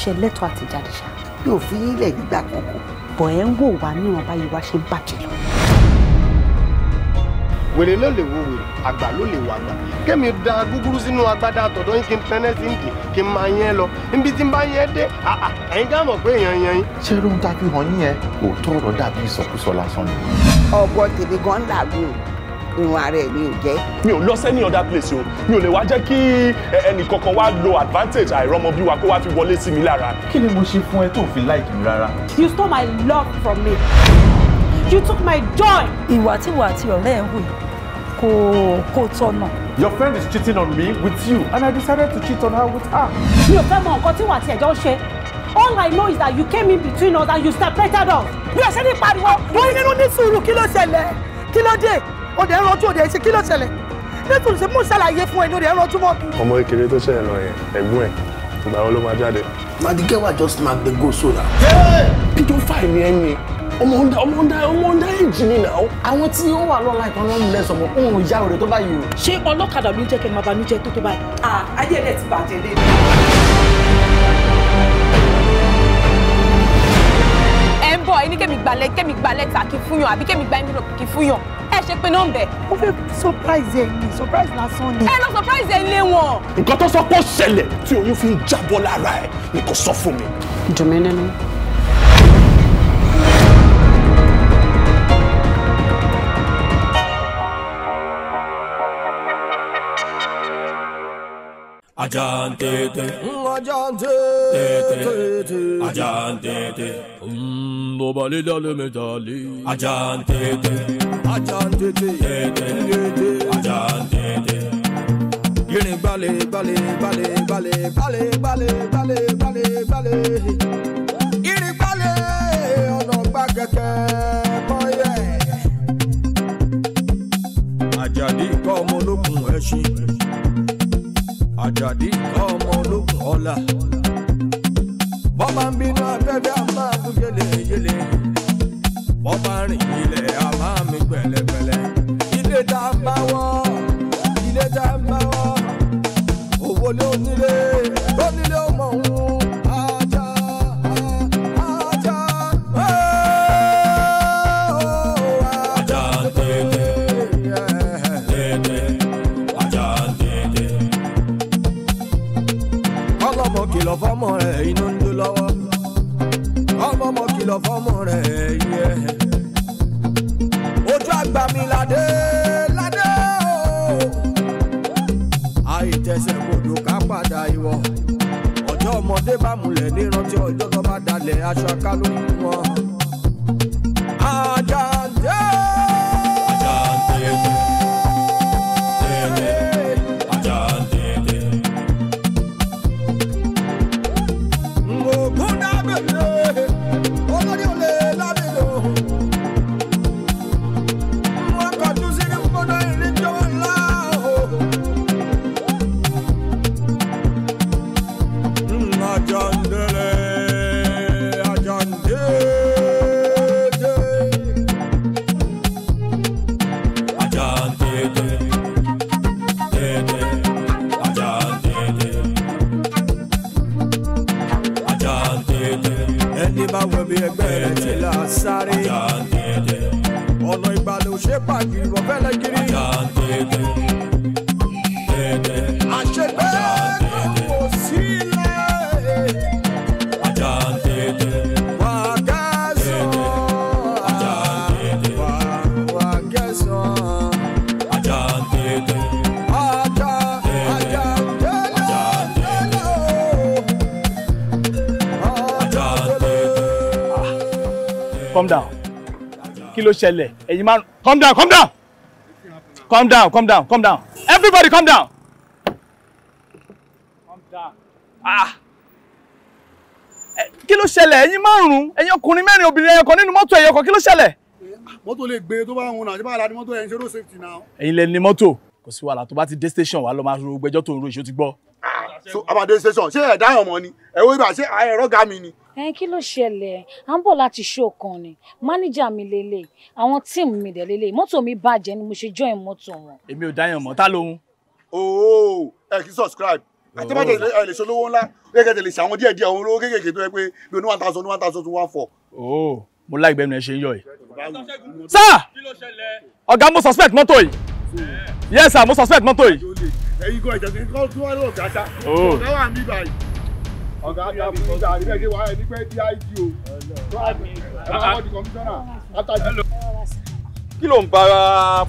ṣe lẹ́tọ̀ọ́ àti jáde ṣá. yóò fi ilẹ̀ gbígbà kọ̀ọ̀kan. bọ̀ ẹ́ ń wò wá níwọ̀n báyìí wá ṣe ń bàjẹ́ lọ. wèrè ló lè wo wèrè àgbà ló lè wo àgbà kémi da gúgúrú sínú agbádá àtọ̀dọ́ yín kí n tẹ́lẹ̀ sí ìdè kí n máa yẹn lọ níbi tí n bá yẹn dé ẹ̀yin ká mọ̀ pé èèyàn yẹn. ṣé ló ń tàbí hàn yín yẹn òótọ́ ọ̀rọ̀ dàbí ìsọkúsọ lásán ni. ọ̀pọ̀ tèmi gan làágùn irun ara ẹ̀ mi ò jẹ́. mi ò lọ sẹ́ni other place o mi ò lè wá jẹ́ kí ẹnì kankan wá lo advantage àìrọ́mọ bí wa kó wá fi wọlé sí mi lára. kí ni mo ṣe fún ẹ tó fi láìkì mi rárá. you stole my love from me you took my joy. ìwà tíwà àti ọ̀rẹ́ ẹ̀ wù kò kò tọ̀nà. Your friend is cheating on me with you and I decided to cheat on her with her. Mi ò fẹ́ mọ nǹkan tí wà á tiẹ̀ jọ ṣe. All I know is that you came in between us and you separated us. Mi ò ṣe ní pariwo. Wọ́n ní nínú ní sùúrù kí ló ṣẹlẹ̀? Kí ló dé? o dẹ̀ ń rọjú o dẹ̀ ṣe kí ló ṣẹlẹ̀ nítorí ṣe mú ṣàlàyé fún ẹ ní o dẹ̀ ń rọjú mọ́. ọmọ kékeré tó ṣẹlẹ̀ lọ yẹn ẹ̀gbọ́n ẹ̀ ìgbà wo ló máa jáde. madike wa just mark the go so na. pito five ni ẹ ní ọmọ ọ̀dà ọmọ ọ̀dà ọmọ ọ̀dà èjì ni nà ó. àwọn tí ó wà lọ́la ìtàn ló ń lẹ sọ̀mọ́ òun ìyá rẹ̀ tó báyìí o. ṣé ọlọ́kadà ló jẹ́ kẹ́ máa banújẹ́ tó tó báyìí. ayé ẹ̀ ti bàjẹ́ lé mi. ẹ ń bọ̀ ẹni kẹ́mi gbalẹ̀ kẹ́mi gbalẹ̀ ta kí fún yàn àbí kẹ́mi gba ẹni kí fún yàn láì ṣe pé náà ń bẹ̀. ó fẹ́ surprise ẹ̀ ni surprise lásán ni. ẹ lọ surprise ẹ̀ lé wọn. nǹkan tó sọ pé ó ṣẹlẹ̀ tí oyún fi ń jábọ́ lára ẹ̀ ni kò sọ fún mi. dùnmí nínú. Ajan tete, ajan tete, ajan tete. Mbo bali dale metali. Ajan tete, ajan tete, tete, ajan tete. Yini bale bale bale bale bale bale bale bale bale. Yini bale ọ̀nà gbàgede bọ́yẹ̀. Àjàdí kọ́ ọmọ ológun ẹṣin àjàdí ọmọ ológun ọ̀la. bọ́bá ń bínú afẹ́fẹ́ a máa kú yéléyéle. bọ́bá rìn ilẹ̀ a máa pẹ̀lẹ́pẹ̀lẹ́. ilé tá bá wọ́n. àṣàkà lórí. ṣẹlẹ̀ ẹ̀yin márùn calm down calm down calm down calm down calm down everybody calm down calm down ah kí ló ṣẹlẹ̀ ẹ̀yin márùn ẹ̀yin ọkùnrin mẹ́rin obìnrin ẹyọkan nínú mọ́tò ẹyọkan kí ló ṣẹlẹ̀. mọ́tò lè gbé tó bá ń wọn náà ṣé bá aládé mọ́tò ẹ̀ ṣe road safety náà. ẹ̀yin lẹ ni mọ́tò kò sí wàhálà tó bá ti dé station wa lọ máa ro gbẹ́jọ́ tó ń ro ìṣó ti gbọ́. so abade station ṣé ẹ̀dá ọmọ ni ẹ̀wọ́ ibà ṣé ẹ̀rọ ga mi ni ẹ kí ló ṣẹlẹ̀ à ń bọ̀ láti ṣó kan ni mánéjà mi lélẹ̀ àwọn tíìmù mi dẹ̀ lélẹ̀ mọ́tò mi bàjẹ́ ni mo ṣe join mọ́tò wọn. èmi ò dáyàn mọ́ ta lóhun. ooo ẹ kì í subscribe àti bá jẹ lè ṣe olówó ńlá gẹ́gẹ́ tẹ lè ṣe àwọn díẹ̀ díẹ̀ àwọn olówó kéékèèké tó yẹ pé bí oní one thousand one thousand two one four. ooo mo láì gbẹnu ẹ ṣe ń yọ ẹ. sá ọ̀gá mo suspect mọ́tò yìí yes sir mo suspect mọ́tò yìí. ẹyin kan ìjọsìn kan tún wá lóògá sá ọ̀gá wà ní ọ̀gá àtàbí ìjà àríwẹ̀ ṣe wàá ẹni pé dig o ẹ máa wọ́n di kọmíṣánná àtàbí. kí ló ń bá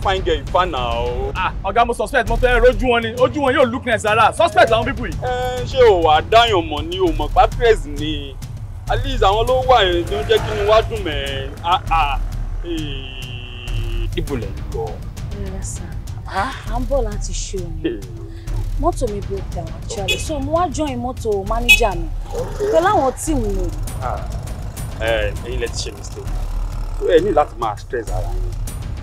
fine girl ìfànà o. Ah, ọ̀gá mo suspect mo fẹ́ rojú wọn ni ojú wọn yóò lookness rárá suspect àwọn pípù yìí. ẹ ṣé o wà dáyàn mọ̀ ni o mọ̀ patriots ni at least àwọn ló wà yẹn tó ń jẹ́ kí ni wá dùn mẹ́ ah, ah. ibùlẹ̀ ń lọ. ẹ ẹ sàn à bọ̀ láti ṣe òun mọ́tò me broke down actually so mo wá join mọ́tò manager mi pẹ̀lú àwọn tíìmù mi. Ah, eh, ẹ̀yin lẹ ti ṣe mistake tó ẹ ní láti máa stress ara yín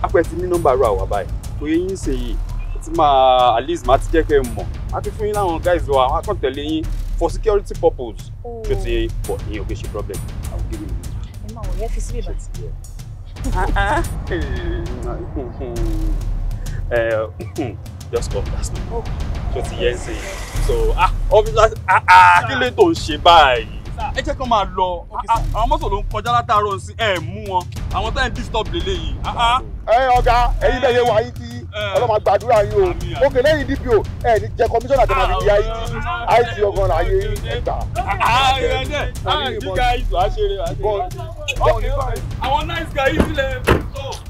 apẹ ti ní nọ́mbà ru àwa báyìí tó yẹ yín ṣe yìí ti máa at least máa ti jẹ́ kẹ́ ẹ mọ̀ a ti fún yín láwọn guys wa wọn kàn tẹ̀lé yín for security purpose tó oh. ti pọ̀ ní òkè ṣe problem àwọn gírí mi. ẹ máa wọ̀ yẹ fi síbí bàtì. ẹ ẹ just come last week tó oh. ti yẹ ń sè so ah obviously ah ah, ah kí lè tó ń ṣe báyìí ẹ jẹ́ kán máa lọ ah, ah, àwọn mọ́tò ló ń kọjá látàárọ̀ sí ẹ mú wọn àwọn tá ẹ ń disturb lélẹ̀ yìí. ẹ ọ̀gá ẹ̀yin lẹ́yìn wa yín ti eh. ọlọ́mọ gbàdúrà yín o òkè lẹ́yìn dpo ẹ ní jẹ kọmíṣánná tó máa fi di it it ọgọ́rùn ayé ẹgbà. àwọn nice guys sílẹ̀.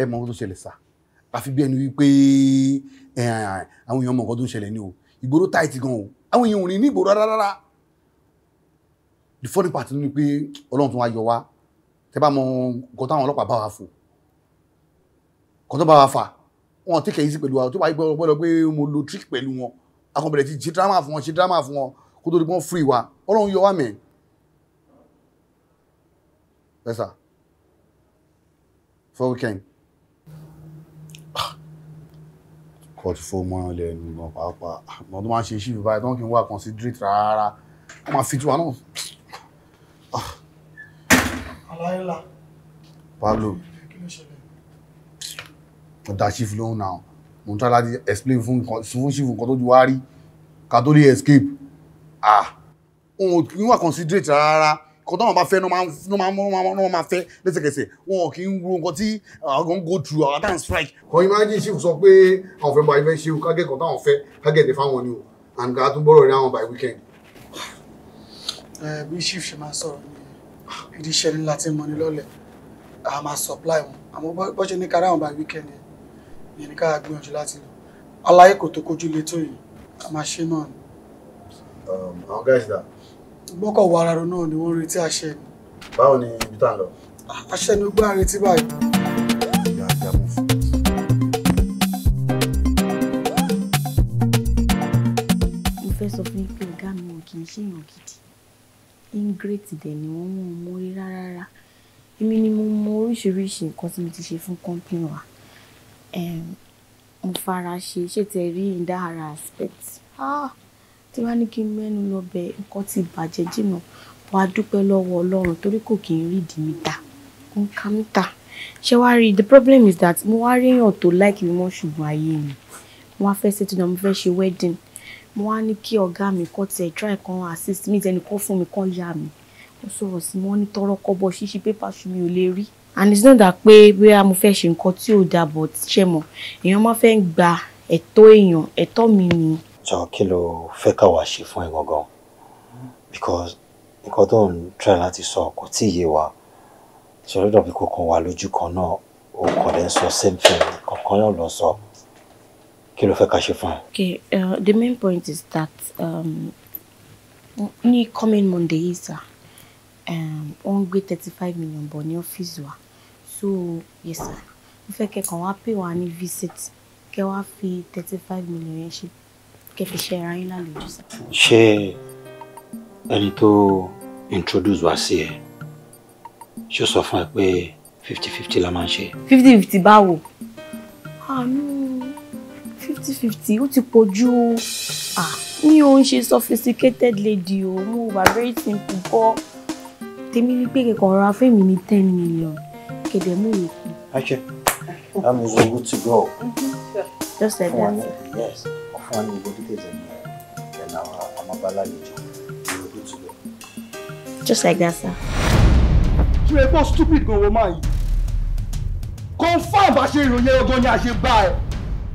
ẹ mọ ohun tó ṣẹlẹ̀ sá àfi bí ẹni wípé àwọn èèyàn mọ nǹkan tó ń ṣẹlẹ̀ ní o ìgboro táìtì gan o àwọn èèyàn ò ní ní ìgboro rárá the funny part ni pé ọlọ́run tún wá yọ wá tẹ bá mọ nǹkan táwọn ọlọ́pàá bá wa fò nǹkan tó bá wa fà wọn tí kẹ̀yìn sí pẹ̀lú wa tó bá yí gbọ́dọ̀ pé mo lo trick pẹ̀lú wọn akọ̀bẹ̀rẹ̀ ti ṣe drama fún wọn ṣe drama fún wọn kó tó di pé free wa ọlọ́run yọ wá mẹ́ ẹ sà for weekend. kọ́ọ̀tù fún mọ́rán lẹ̀ ní ìgbọ̀n pàápàá àmọ́ tó máa ń ṣe iṣẹ́ ìfipá ẹ̀ tó ń kí n wá considerate rárá wọ́n máa fi tiwa náà. Ah. aláìlá. Pablo ọ̀dà chief lóhùn náà mo ń tọ́ láti explain fún chief nǹkan tó ju wá rí ká tó lè escape ah òun kì í wà considerate rárá kọ́ tó wọn bá fẹ́ ní wọ́n máa fẹ́ lẹ́sẹ̀kẹsẹ̀ wọn kì í wo nǹkan tí àwọn go through àwọn àtàn strike. kan imagine ṣe sọ pé àwọn fẹ́ bá ibẹ̀ ṣe kágẹ́kọ̀ọ́ táwọn fẹ́ kágẹ́tẹ̀ fáwọn ni o and ká tún bọ́rọ̀ rí àwọn by weekend. Eh, bí chief ṣe máa sọ̀rọ̀ ni ìdí iṣẹ́ ni láti mọ ni lọ́lẹ̀ a máa supply wọn àmọ́ bó ṣe ní kárí àwọn by weekend yẹn ní ká gbìyànjú láti lọ aláyé kò tó kojú le tó yìí a máa ṣe náà ni. àwọn um, guys that gbọ́kọ̀ wọ ara rò náà ni wọ́n retí àṣẹ ni. báwo ni ibi tá à ń lọ. àṣẹ ni gbọ́ àrètí báyìí. mo fẹ́ sọ fún yín pé ọ̀gá mi wọn kì í ṣèyàn gidi ingrate dẹ̀ ni wọ́n mú un mórí rárá rárá èmi ni mo mọ oríṣiríṣi nǹkan tí mo ti ṣe fún company wa mo fara ṣe ṣètẹ̀ rí in that aspect. Ah tí wàá ní kí n mẹ́nu lọ bẹ̀ nǹkan ti bàjẹ́ jìnnà bó a dúpẹ́ lọ́wọ́ ọlọ́run torí kò kì í rí ìdí mi ta kò ń ka ta ṣé wàá rí the problem is that mo wá ríyàn tó láìkí mi mọ́ ṣùgbọ́n ayé mi mo wá fẹ́ ṣètò náà mo fẹ́ ṣe wedding mo wá ní kí ọ̀gá mi kọ́ tiẹ̀ try kan assist me. Then kọ́ fún mi kan yá mi mo sọ̀rọ̀ sí mo ní tọrọ kọ́bọ̀ ṣíṣí pépà ṣù mi ò lè rí and it's not that pé bóyá mo fẹ́ ṣe nǹkan tí ò dà but ṣe mọ̀ èèyàn máa fẹ́ gba ẹ̀tọ́ èèyàn ẹ̀tọ́ mi nìyẹn jọ kí ló fẹ́ káwa ṣe fún ẹ because nǹkan tó ń try láti sọ kò tí ì yé wa ṣọlọ́dọ̀ bí kankan wà lójú kan náà o kàn lè sọ same thing kankan náà lọ sọ kí ló fẹ́ ká ṣe fún ẹ. okay uh, the main point is that um, ní coming monday yìí sir um, ó ń gbé thirty five million bọ̀ ní ọ́fíìsì wa so yes sir mo fẹ́ kẹ́kọ̀ọ́ wá pè wá ní visit kẹ́ wá fi thirty five million yẹn ṣe kẹ́ fi ṣe ara yín lálejò sí. ṣé ẹni tó introduce wá sí ẹ ṣó sọ fún ẹ pé fifty fifty la máa ń ṣe. fifty fifty báwo àánú ah, fifty fifty ó ti pọ̀ jù ó mi ò ń ṣe sophisticated lady o mo wà very simple bọ́ tèmi ní pé kẹ̀kọ́ ọ̀rọ̀ afẹ́mi ní ten million kẹ̀dẹ̀ mú yòókù. Actually, that means we're good to go. Mm-hmm. Sure. Just like that. Yes wọn ní gbogbo details ẹ̀ ẹ̀ náà àmọ́ bá lálejò just like that sir. You are gbọ́ stupid gan wo máa yìí confam bá ṣe ìròyìn ọgbọ́n ni a ṣe bá ẹ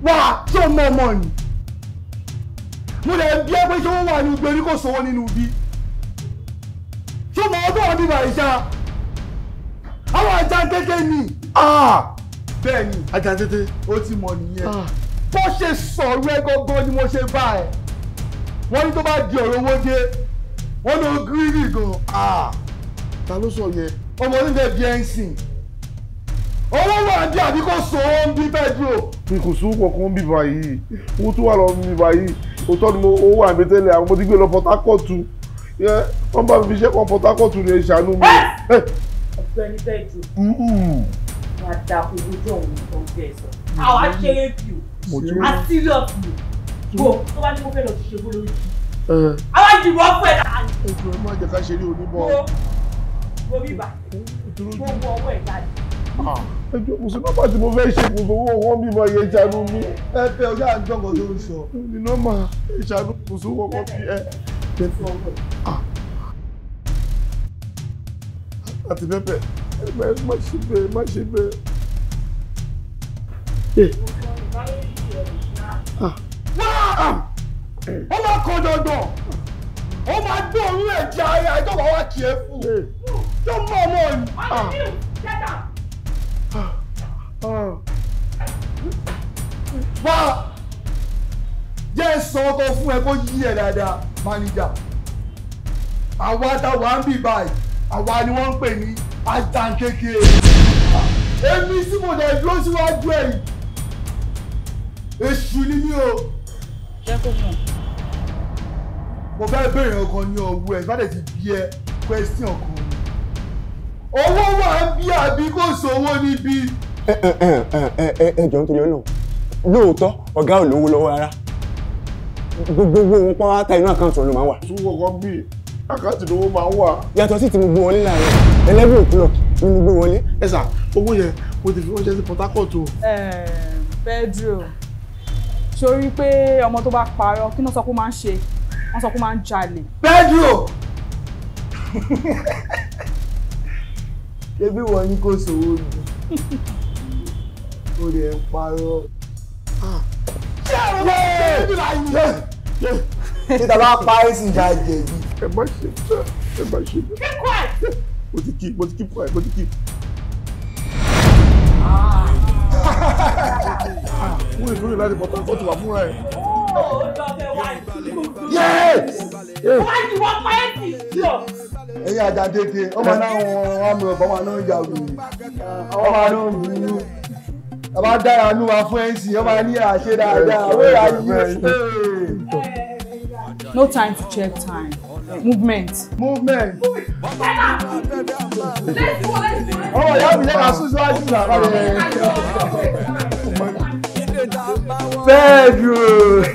wá tí ó mọ ọmọ ni mo lè bí ẹ pé ṣé wọ́n wà ní ìgbèrí kò sówó nínú ibi ṣé mo ọdún wọn bí bàyìí ṣá àwọn ajá kékeré ni ah! bẹ́ẹ̀ ni ajá tètè ó ti mọ̀ nìyẹn. Ah! bó ṣe sọ̀rọ̀ ẹ gangan ni mo ṣe bá ẹ wọ́n ní tó bá di ọ̀rọ̀ owó dé wọ́n ló gírírì gan ta ló sọ yẹ ọmọ nílẹ̀ bí ẹ ń sìn owó wà ní àbí kò sọ ó ń bí bẹ́ẹ̀dúró. mi kò sówó kankan bí báyìí owó tó wà lọ bí báyìí òótọ́ ni mo owó wà mí tẹ́lẹ̀ àwọn mo gbé lọ Port Harcourt wọ́n bá mi fi ṣẹ́kọ̀ọ́ Port Harcourt ni ẹ ṣàánú mi. ọ̀gbẹ́ni bẹ́ẹ̀ jù. máa da owó jọ̀hún ọ̀gbẹ́ sọ. Mm-hmm. àwa ṣeré bí o mo jó. a serious ni bò tó bá ní mo fẹ́ lọ ṣe bó lórí ti. àwa jìbọn ọkọ ẹ̀ dáa. ètò ẹ̀ má jẹ́ ká ṣe ní oníbọ̀. mo bí bá ah, mo wọ ọwọ́ ẹ̀ jáde. ẹjọ́ kò sí nọ́mbà tí mo fẹ́ ṣe kò sówó wọn bí mo yẹ ìṣàánú mi. ẹ fẹ́ ọjọ́ àjọkọ̀ tó ń sọ. ní nọ́mbà ìṣàánú kò sówó wọn bí ẹ. Ah. àti pẹ́pẹ́ ẹ má ṣe bẹ́ẹ̀ má ṣe bẹ́ẹ̀ ó máa kọ dandan ó máa gbé òórùn ẹ̀jẹ̀ ayé àìtọ́gbà wá kì í fún tó mọ̀ ọmọ yìí. ọ̀rọ̀ mi ò jẹ́ta. wá jẹ́ sọ ọkọ fún ẹ kó yí ẹ dáadáa máníjà àwa táwa ń bì báyìí àwa ni wọ́n ń pè ní àjàǹkékè èmi tí mo dẹ̀ dúró síwájú ẹ̀yìn èṣù ni mí o. jẹ́ kó mọ̀. mo fẹ́ bẹ̀rẹ̀ ọkàn ní ọ̀wọ́ ẹ̀ bá dẹ̀ ti bí ẹ question kan. owó wà ń bí àbí kò sówó níbí. ẹ ẹ ẹ ẹ ẹ jọ nítorí ọlọ́run lóòótọ́ ọ̀gá ò lówó lọ́wọ́ rárá gbogbo owó wọn pátá inú àkáǹtì ọ̀nà máa wà. túwọ̀ kan bíi àkáǹtì lówó máa wà. yàtọ̀ sí ti mo gbé wọlé láàárọ̀ eleven o'clock ni mo gbé wọlé. ẹ sà owó yẹn mo ti fi oúnjẹ sí Port Harcourt o. Pedro sórí pé ọmọ tó bá parọ́ kí náà sọ pé ó máa ń ṣe wọ́n sọ pé ó máa ń jalè. Pedro ṣebí wọ́n ní kò sówó mi ó lè parọ́. títa ah! bá parí sí ìjà jẹ̀bi. ẹ má ṣe bẹ́ẹ̀ ẹ má ṣe bẹ́ẹ̀. mo ti kí mo ti kí mo ti kí. mú ìfúnni láti pọ̀ tó ti wà fúnra ẹ̀. ẹ̀yin àjàdéke ọmọ náà wọn àmì ọ̀bọ̀n máa náà jà òbí ọmọ máa náà wù ú bàbá dára nù wá fún ẹ̀sìn ọmọ ní àṣẹ dáadáa wẹ́rẹ́ ayé. No time to check time. Movement. Movement. Oh, yeah, we let us do that bẹ́ẹ̀ni o.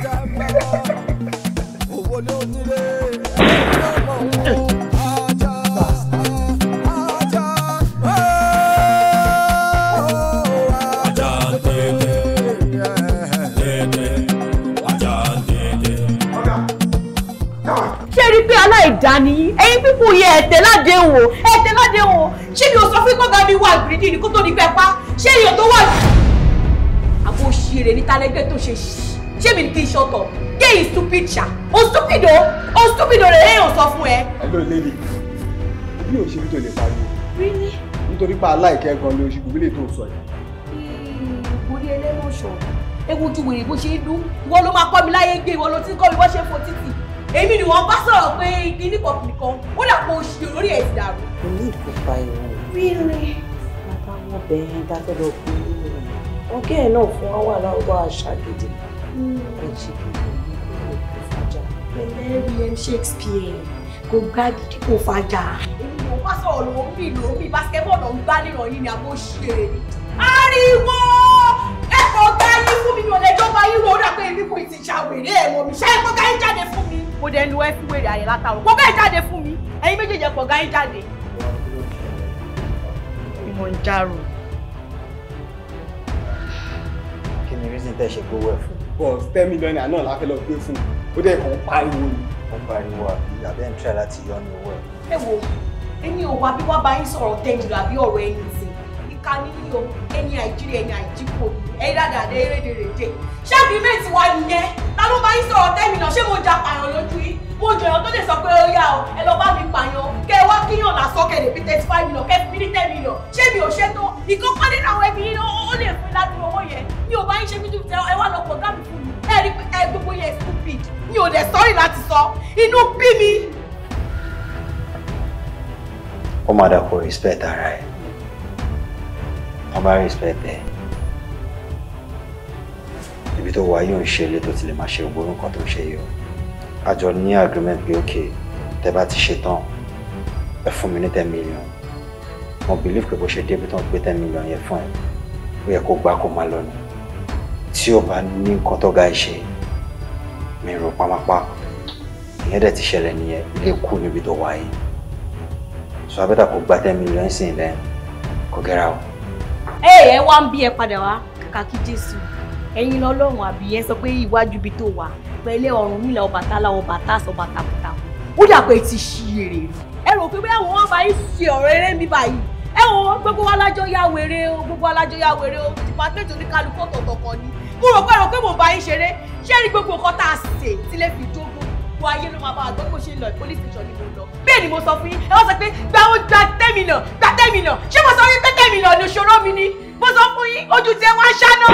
ìdání ẹ̀yin pípù yẹ ẹ̀tẹ̀ láde wò ẹ̀tẹ̀ láde wò ṣé mi ò sọ fún kọ́gá mi wà gírídì ní kó tó ní pẹ́ pa ṣé èèyàn tó wà gírídì rè ní tálẹ́gbẹ́ tó ṣe ṣí ṣé kì í ṣọtọ̀ gé yìí stupid ṣá o stupid o o stupid o rè é sọ fún ẹ. hello lady bí o ṣe bí tó lè pariwo. really. nítorí pa aláìkẹ́ gan ló ṣe gbogbo tó sọ yìí. ìbòrí ẹlẹ́mọ̀ṣọ́ ewu ju wèrè bó ṣe ń dún ìwọ ló máa kọ́ mi láyé gbé ìwọ ló ti ń kọ́ mi bó ṣe ń fo títì èmi ni wọ́n bá sọ̀rọ̀ pé kíní kan nìkan ó dà pé oṣù lórí ẹ̀ ti dàrú. mo ní ìkópa ìwọ̀n. rírì. bàbá wọn bẹ̀rẹ̀ bá fẹ́ lọ kú ọ̀gá ẹ̀ náà fún wa wà láwọ́ àṣà gidi ẹ̀jẹ̀ ìfajà. william shakespeare kò gbá gidi kò fajà. èmi ò wá sọ̀rọ̀ ló ń bì ló ń bì basketball ń gbá nìrọ̀ yìí ni a bó ṣe. ariwo ẹ̀kọ́ gbá yín fún mi ní ọ̀lẹ́jọ́ bá yín rò ó dà pé èmi kò ti ṣàwèrè ẹ̀ mọ̀ mi ṣe é kó ká yín jáde fún mi. mo dẹ̀ lu ẹ́ fún wèrè àyè látàwọn kó bẹ́ẹ̀ jáde fún mi ẹ̀yin méjèèjì ẹ̀kọ́ gá yín jáde. ìmọ̀ ń jarò. ni reason tẹ́ ṣe gbowó ẹ̀ fún. but ten million naira náà la fẹ́ lọ gbé fún un ó dẹ̀ kàn ń pariwo ni. ó ń pariwo àbí àbẹ́ ń tíra láti yọ ní owó ẹ̀. ẹ wo èmi ò wá bí wá bá yín sọ̀rọ̀ ten million àbí ọ̀rọ̀ ẹni sí ìka níyí o ẹni àìjírí ẹni àìjíkò ẹni dáadáa erédèrèdè ṣé agreement wa nìyẹn ta ló bá yín sọ̀rọ̀ ten million ṣé mo jà pààyàn lójú yín mo jọyàn tó lè sọ pé ó yá o ẹ lọ bá mi pààyàn kẹ wá kíyàn lásán kẹ lè fi thirty five million kẹ fi mí ní ten million ṣé mi ò ṣe tó ìkọ́kọ́ nínú àwọn ẹbí yín ó lè fún mi ládùúgbò owó yẹn mi ò bá yín ṣe mí dùn ẹ wá lọ program fún mi ẹ rí ẹ gbogbo yẹn stupid mi ò dẹ̀ sọ́rí láti sọ inú bí mi. ó máa dàpọ̀ respect ara ẹ̀ wọ́n bá respect ẹ̀ ibi tó wà yóò ń ṣe ilé tó ti lè máa ṣe ògbóró nǹkan tó ń ṣe yìí o ní agreement pé ok tẹ bá ti ṣe tán ẹ fún mi ní ten million mo believe pé bó ṣe dé ibi tó ten million yẹn fún ẹ ó yẹ kó gbá kó má lọ ni tí ò bá ní nǹkan tó ga ṣe mi rò pámápá ìyẹn dẹ̀ ti ṣẹlẹ̀ nìyẹn ilé kú níbi tó wáyé so abẹ́tà kò gba ten million sí ilẹ̀ kò gẹ́ra o. ẹ ẹ wá ń bí ẹ padà wá kàkà kí Jésù ẹ̀yin lọ́lọ́run àbí ẹ sọ pé iwájú ibi tó wà pẹ̀lẹ́ ọ̀run nílẹ̀ Ọbàtálá ọba tásọ bàtàbàtà ó dà pé ti ẹ rò pé bí wọn bá yín ṣe ọ̀rọ̀ eré mi báyìí ẹ wo gbogbo alájọ yá wèrè o gbogbo alájọ yá wèrè o ìpàtẹ́jọ oníkálukú ọ̀tọ̀ọ̀tọ̀ kan ni mo rò pé rò pé mo bá yín ṣeré ṣé rí gbogbo nǹkan tá a ṣe tílé fi dógún gbogbo ayé ló máa bá a gbọ́ bí mo ṣe lọ police station ni mo lọ bẹ́ẹ̀ ni mo sọ fún yín ẹ wọ́n sọ pé gba ó gba tẹ́mìnà gba tẹ́mìnà ṣé mo sọ yín pé tẹ́mìnà ni òṣòro mi ni mo sọ fún yín ojú tiẹ̀ wá ṣáná.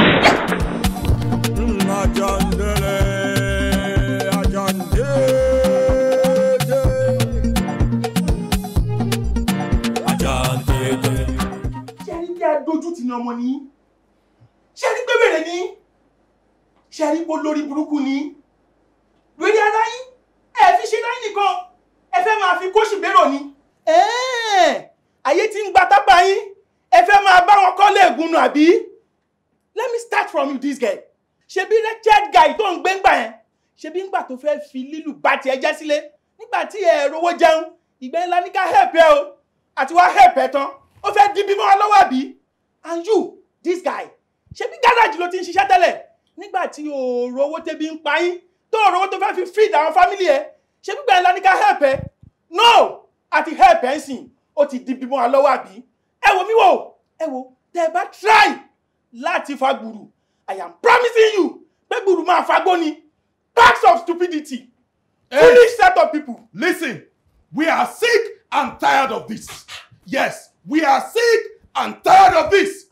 ajá ń dẹ́rẹ́ ajá ń dẹ́rẹ́. dojú ti ní ọmọ ní ṣé ẹni pé wèrè ni ṣe rí pé lórí burúkú ni lórí ara yín ẹ fi ṣe láyé nìkan ẹ fẹ́ máa fi kóṣù bérò ni. ayé tí ń gba tápá yín ẹ fẹ́ máa bá wọn kọ́lé ègún nù àbí let me start from you this guy ṣebí richard guy tó ń gbẹ́ngbà yẹn ṣebí ńgbà tó fẹ́ fi lílù bá tiẹ̀ jẹ́ sílé nígbà tí ẹ rówó jẹun ìgbẹ́ ńlá ní ká help ẹ o àti wá help ẹ tán ó fẹ́ di bímọ ọlọ́wọ́ àbí and you this guy ṣebí gáràjì ló ti ń ṣiṣẹ́ tẹ́lẹ̀ nígbà tí o rò owó tẹ́bi ń pa yín tó o rò tó fẹ́ fi feed àwọn family ẹ ṣé gbígbà ẹ̀ lánìí help ẹ no àti help ẹ ń sìn ó ti di bímọ alọ́wọ́ àbí ẹ wo mi wò ẹ wo tẹ ẹ bá try láti fa gbùrù I am promising you pé gbùrù máa fagbó ni packs of stupidity hey. foolish set of people. listen we are sick and tired of this yes we are sick and tired of this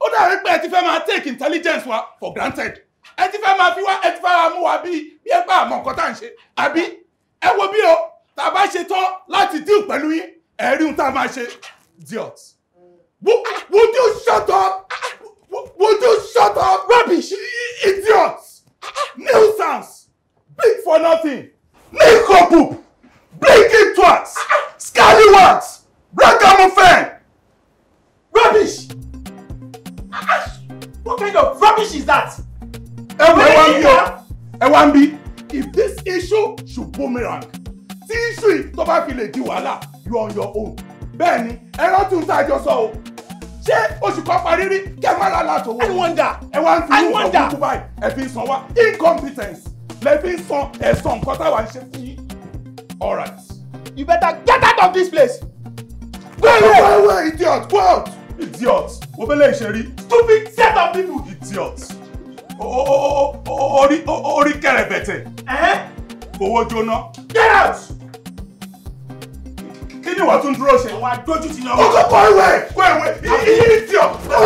ó dàbí pé ẹ ti fẹ́ máa take intelligence wa for granted ẹ ti fẹ́ máa fi wá ẹ ti fẹ́ máa mú wa bíi bí ẹ bá àmọ́ nǹkan tá à ń ṣe àbí ẹ wo bí o tá a bá ṣe tán láti díù pẹ̀lú yín ẹ̀rí ohun tá a máa ṣe diot would you shut up. di wàhálà you on your own bẹ́ẹ̀ ni ẹran tún tá a jọ sọ o ṣé oṣù kan parí rí kẹ má ra láti owó. I wonder ẹ wá ń fi owó kúkú báyìí ẹ fi ń wá incompetence lẹ fi ń san ẹ̀sán nǹkan táwa ń ṣe fún yín. all right. you better get out of this place. wait wait wait idiot go out idiot wo bẹ́lẹ̀ ìṣeré stupid set of people idiot orí orí kẹrẹbẹtẹ eh? owó jóná get out kí ni wàá tún dúró ṣe. wà á dójú ti yan. o kò kọ ìwé kọ ìwé iye oh, ni tiọ go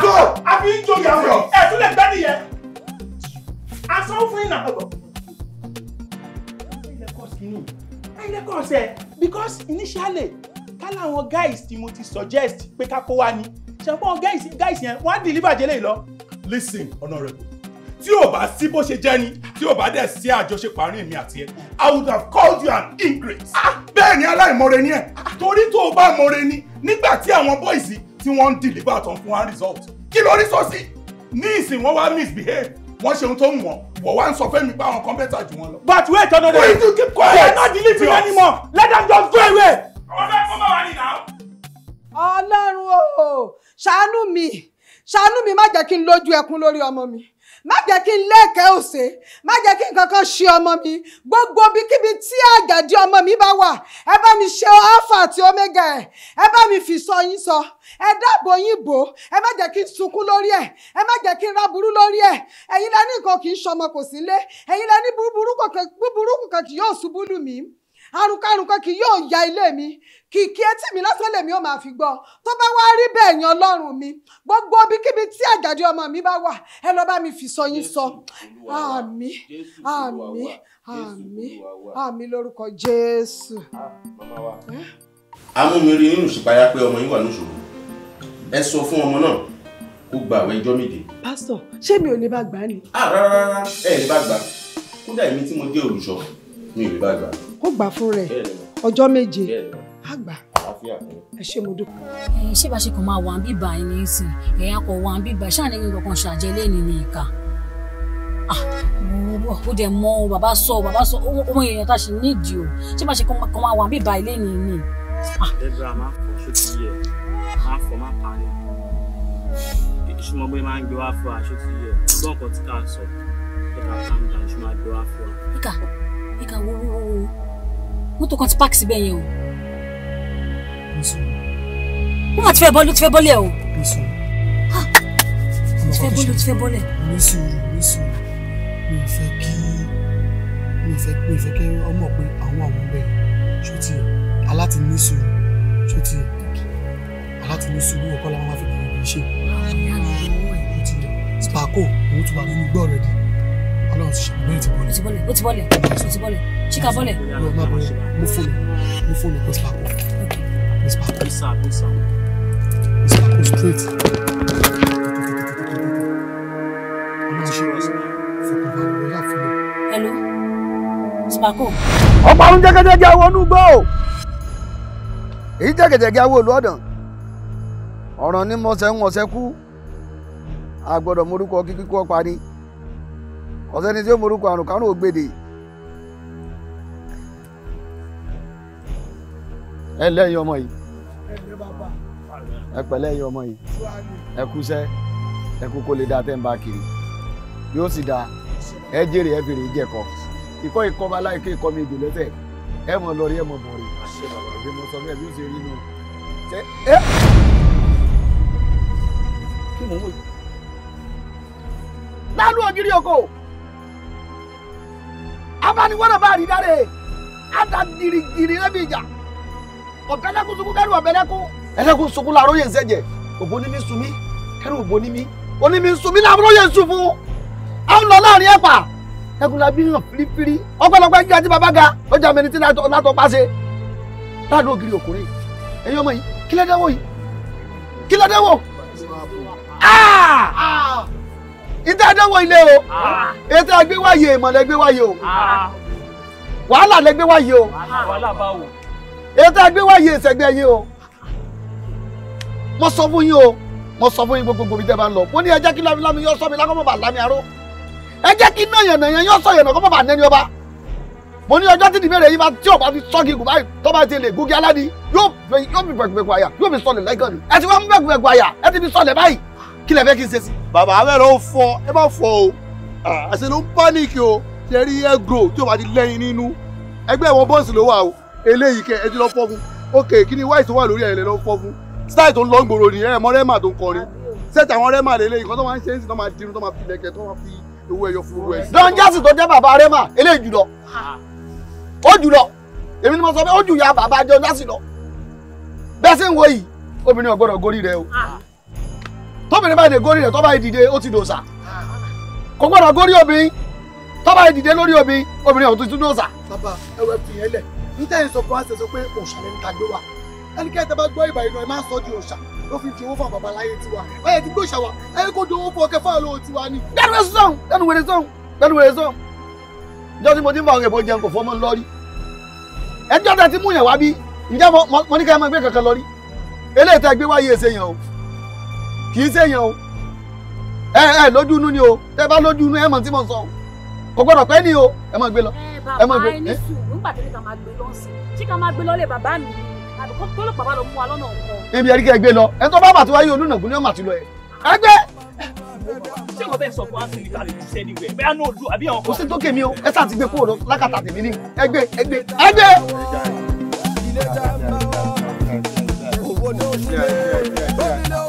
go. a fi ń joyè àwọn ẹ tún lè gbẹ nìyẹn. a sọ fún iná. ilé because initially kálá àwọn guys tí mo ti suggest pé ká kó wá ni ṣe fún àwọn guys yẹn wọ́n á deliver jẹ́lẹ̀ lọ. listen honorable tí ò bá sí bó ṣe jẹ́ ni tí ò bá dẹ̀ sí àjọṣepọ̀ àárín èmi àti ẹ I would have called you an ingrate. Ah! bẹ́ẹ̀ ni aláìmọ̀re ni ẹ̀ torí tó o bá mọ̀re ni nígbà tí àwọn bọ́ìsì tí wọ́n ń dìlígbà tán fún wa result kí ló rí sọ sí ní ìsìn wọn wá misbehave wọ́n ṣe ohun tó ń wọ̀n wọ̀ wá ń sọ fẹ́mi pé àwọn kan bẹ́tà jù wọn lọ. but wait ọ̀nà rẹ̀ wait you keep quiet. they are not delivering anymore let them just go away. ọmọ bẹ́ẹ̀ kó bá wà ní ìdáhùn. ọlọ́run o ṣàánú mi ṣàánú mi má jẹ́ kí n lójú ẹkún lórí ọmọ mi má jẹ́ kí n lẹ́ẹ̀kẹ́ òsè má jẹ́ kí nǹkan kan ṣe ọmọ mi gbogbo bíkíbi tí àjàdí ọmọ mi bá wà ẹ bá mi ṣe alpha àti omega ẹ ẹ bá mi fi sọ yín sọ ẹ dáàbò yín bò ẹ má jẹ́ kí n sunkún lórí ẹ ẹ má jẹ́ kí n ráburú lórí ẹ ẹ̀yin lẹ́ni nǹkan kì í ṣọmọ kò sí lé ẹ̀yin lẹ́ni búburú kankan kì yóò ṣubú lù mí àrùnkárùn kan kì yóò ya ilé mi kìkì etí mi lásán lèmi ó máa fi gbọ́ tó bá wá rí bẹ́ẹ̀ yan ọlọ́run mi gbogbo ibikíbi tí àjàdí ọmọ mi bá wà ẹ lọ bá mi fi sọ yín sọ àmì àmì àmì àmì lórúkọ jésù. amúmiri nínú ìṣípayá pé ọmọ yín wà níṣòro ẹ sọ fún ọmọ náà kó gba àwẹ̀ ọjọ́ méje. pásítọ̀ ṣé mi ò lè bá gbà ni. Ah, rárá ẹ lè bá gbà kódà èmi tí mo jẹ́ olùṣọ́ mi ò lè bá gbà. kó gbà fún rẹ ọjọ́ méje á gbà ẹ ṣé mo dúpẹ́. ẹ ṣé bá ṣe kàn máa wà ń bíbà yín ní ìsìn ẹ̀yà kò wà ń bíbà ṣáà ní kankan ṣàjẹlẹ̀ ní ní ìka ah, ó dẹ̀ mọ bàbá sọ bàbá sọ ohun èèyàn tá a ṣe nídìí o ṣé bá ṣe kàn máa wà ń bíbà ilé ní ní. ẹ̀dùn àmà fọ ṣòtì yẹ máa fọ máa pa ni ìṣúmọ̀ bóyá máa ń gbé wá fún wa ṣòtì yẹ gbọ́n tí ká sọ ẹ̀ ká wo wo wo mọ́tò kan ti páàkì síbẹ̀ yẹn o. wọ́n máa ti fẹ́ bọ́lú ti fẹ́ bọ́lẹ̀ o. ti fẹ́ bọ́lú ti fẹ́ bọ́lẹ̀. ní sùúrù ní sùúrù mi ò fẹ́ kí mi ò fẹ́ mi ò fẹ́ kí ọmọ pé àwọn àwọn ọmọ yẹn ṣó ti aláti ní sùúrù ṣó ti aláti ní sùúrù ọkọ làwọn máa fi gbìyànjú ṣe. spako òun ti wà nínú gbọ́ rẹ̀ dì ọlọ́run ti ṣàmì lóyún ti bọ́lẹ̀. o ti bọ́lẹ̀ o ti bọ́lẹ̀ o ti bọ́lẹ̀ ṣíkà bọ́lẹ̀. mo máa bọ̀ mo fóònù mo fóònù miss papo miss papo miss papo straight. hello miss papo. ọparun jẹgẹjẹgẹ àwọn èyí jẹgẹjẹgẹ àwọn olùọdàn ọ̀ràn ni mo ṣe ń wọ̀ṣẹ́ kú a gbọ́dọ̀ morúkọ kíkíkọ́ parí ọ̀sẹ́ni tí ó morúkọ àrùn kánú ògbèdè. ẹ lẹ́yìn ọmọ yìí ẹ pẹ̀lẹ́ yìí ọmọ yìí ẹ kúṣẹ́ ẹ kú kó lè dá tẹ́ ń bá kiri yóò sì dáa ẹ jèrè ẹ fèrè jẹ̀kọ ìkọ́ ìkọ́ bá láìké ìkọ́ mi ìdò lẹ́sẹ̀ ẹ mọ̀ lọ rí ẹ mọ̀ bọ̀ rí ṣe mo sọ bẹ́ẹ̀ bí ó ṣe rí nu ṣe ẹ. kí mò ń wò yìí. lálù ògiri oko abaniwọ́nà bá rí dáre ada dirigiri lẹ́bi ìjà ọ̀bẹ̀lẹ́kùn sunkún kẹ́rù ọ̀bẹ̀lẹ́kùn. ẹlẹ́kùn sunkún la aróyè nsẹ́jẹ̀ òbó ní mi sun mí kẹ́rù òbó ní mi òní mi sun mí ní aróyè sun fún àwọn lọ láàrin ẹ̀pà ẹkùn la bí hàn firifiri ọpẹ́lọpẹ́ jíjà tí baba ga ọjà mẹni tí látọ pàṣẹ láàrin ògiri òkùnrin ẹ̀yin ọmọ yìí kílẹ̀ dẹ́wọ̀ yìí kílẹ̀ ìta dánwò ilé o ah. ètò àgbéwáyé ìmọ̀ lẹ́gbéwáyé o ah. wàhálà lẹ́gbéwáyé o ètò ah. àgbéwáyé ìṣẹ̀gbẹ́ yín o mo sọ fún yín o mo sọ fún yín gbogbogbò bí tẹ́ bá ń lọ mo ní ẹ jẹ́ kí lámìlámì yọ sọ mi lákọ́ mọ̀ bá lámì aró ẹ jẹ́ kí náà yànnàyàn yọ sọ yànnà kọ́ mọ̀ bá nẹ́ni ọba mo ní ọjọ́ tí ìbéèrè yìí bá tí ọba fi sọ́ọ̀gì gùn báyìí tó bá ti lè gúgi aládi yóò fi bẹ̀gbẹ̀gbẹ̀ àyà yóò fi sọlẹ̀ lẹ́gàn ni ẹ ti wá mú bẹ̀gbẹ̀gbẹ̀ àyà ẹ ti fi sọlẹ̀ báyìí kí lẹ fẹ́ kí n ṣe sí i bàbá abẹ́rẹ́ ó fọ ẹ má fọ o àṣẹ ló ń pánìkì o ṣe rí ẹgro tí o bá ti lẹ́yìn nínú ẹgbẹ́ ìwọ̀n bọ́ọ̀sì ló wà o eléyìí kẹ ẹ ti lọ fọ́ fún ok kí ni wáìsì wà lórí ẹ̀yẹ̀lẹ̀ lọ fọ́ fún style tó ń lọ gbòòrò nìyẹn ẹ̀mọ́ rẹ́mà tó ń kọrin sẹ́ẹ̀tì àwọn rẹ́mà lélẹ́yìn kan tó máa ń ṣe é sí tó máa dirun tó máa fi lẹ̀kẹ̀ tó máa fi owó ẹyọ fún owó ẹ̀sìn. don jásì tó jẹ́ bàbá rẹ́mà eléyìí jùlọ ó jùlọ èmi ni mo sọ pé ó jù ya bàbá jọ jásì lọ bẹ́ẹ̀ sì ń wo yìí obìnrin ò gbọ́dọ̀ gorí rẹ o tóbìnrin báyìí dé górí rẹ̀ tó báyìí ó ti dòòṣà kò gbọ́dọ̀ górí obìnrin tó báyìí lórí obìnrin obìnrin ọ̀hún ti dòòṣà. bàbá ẹwẹ fi yẹn lẹ níta yẹn sọ fún àṣẹ sọ pé òòṣà lẹni ta gbé wa ẹnikẹ́ni tẹ bá gbọ́ ìbà ìnà ẹ máa sọ di òòṣà ló fi fi owó fún àbàbà láyé tiwa báyẹn ti gbóòṣà wa ẹyẹ kó dowó fún ọkẹ fáwọn olówó tiwa ni. dẹnu wẹrẹ sọhùn dẹnu wẹrẹ kì í ṣèyàn o ẹ ẹ lójú inú ni o tẹ bá lójú inú ẹ mọ̀ tí mo sọ o kò gbọ́dọ̀ pẹ́ ni o ẹ máa gbé lọ. ẹ bàbá ẹni sùn nígbà tó ní máa gbé lọ sí máa gbé lọ bàbá mi àbí kó ló pàbá lọ mú wa lọ́nà ọ̀hún. ibi ẹ̀ríkẹ́ gbé lọ ẹ tó bá bàtú wáyé olùnàgún ni ó mà lọ ẹ. ẹ gbé. ṣé wọn bẹ sọ fún wa sí ìta lè ṣiṣẹ́ ní ìwé bẹ́ẹ̀ ní àbí o ẹ sá ti gbé kúrò lákàtà tèmi ní ẹ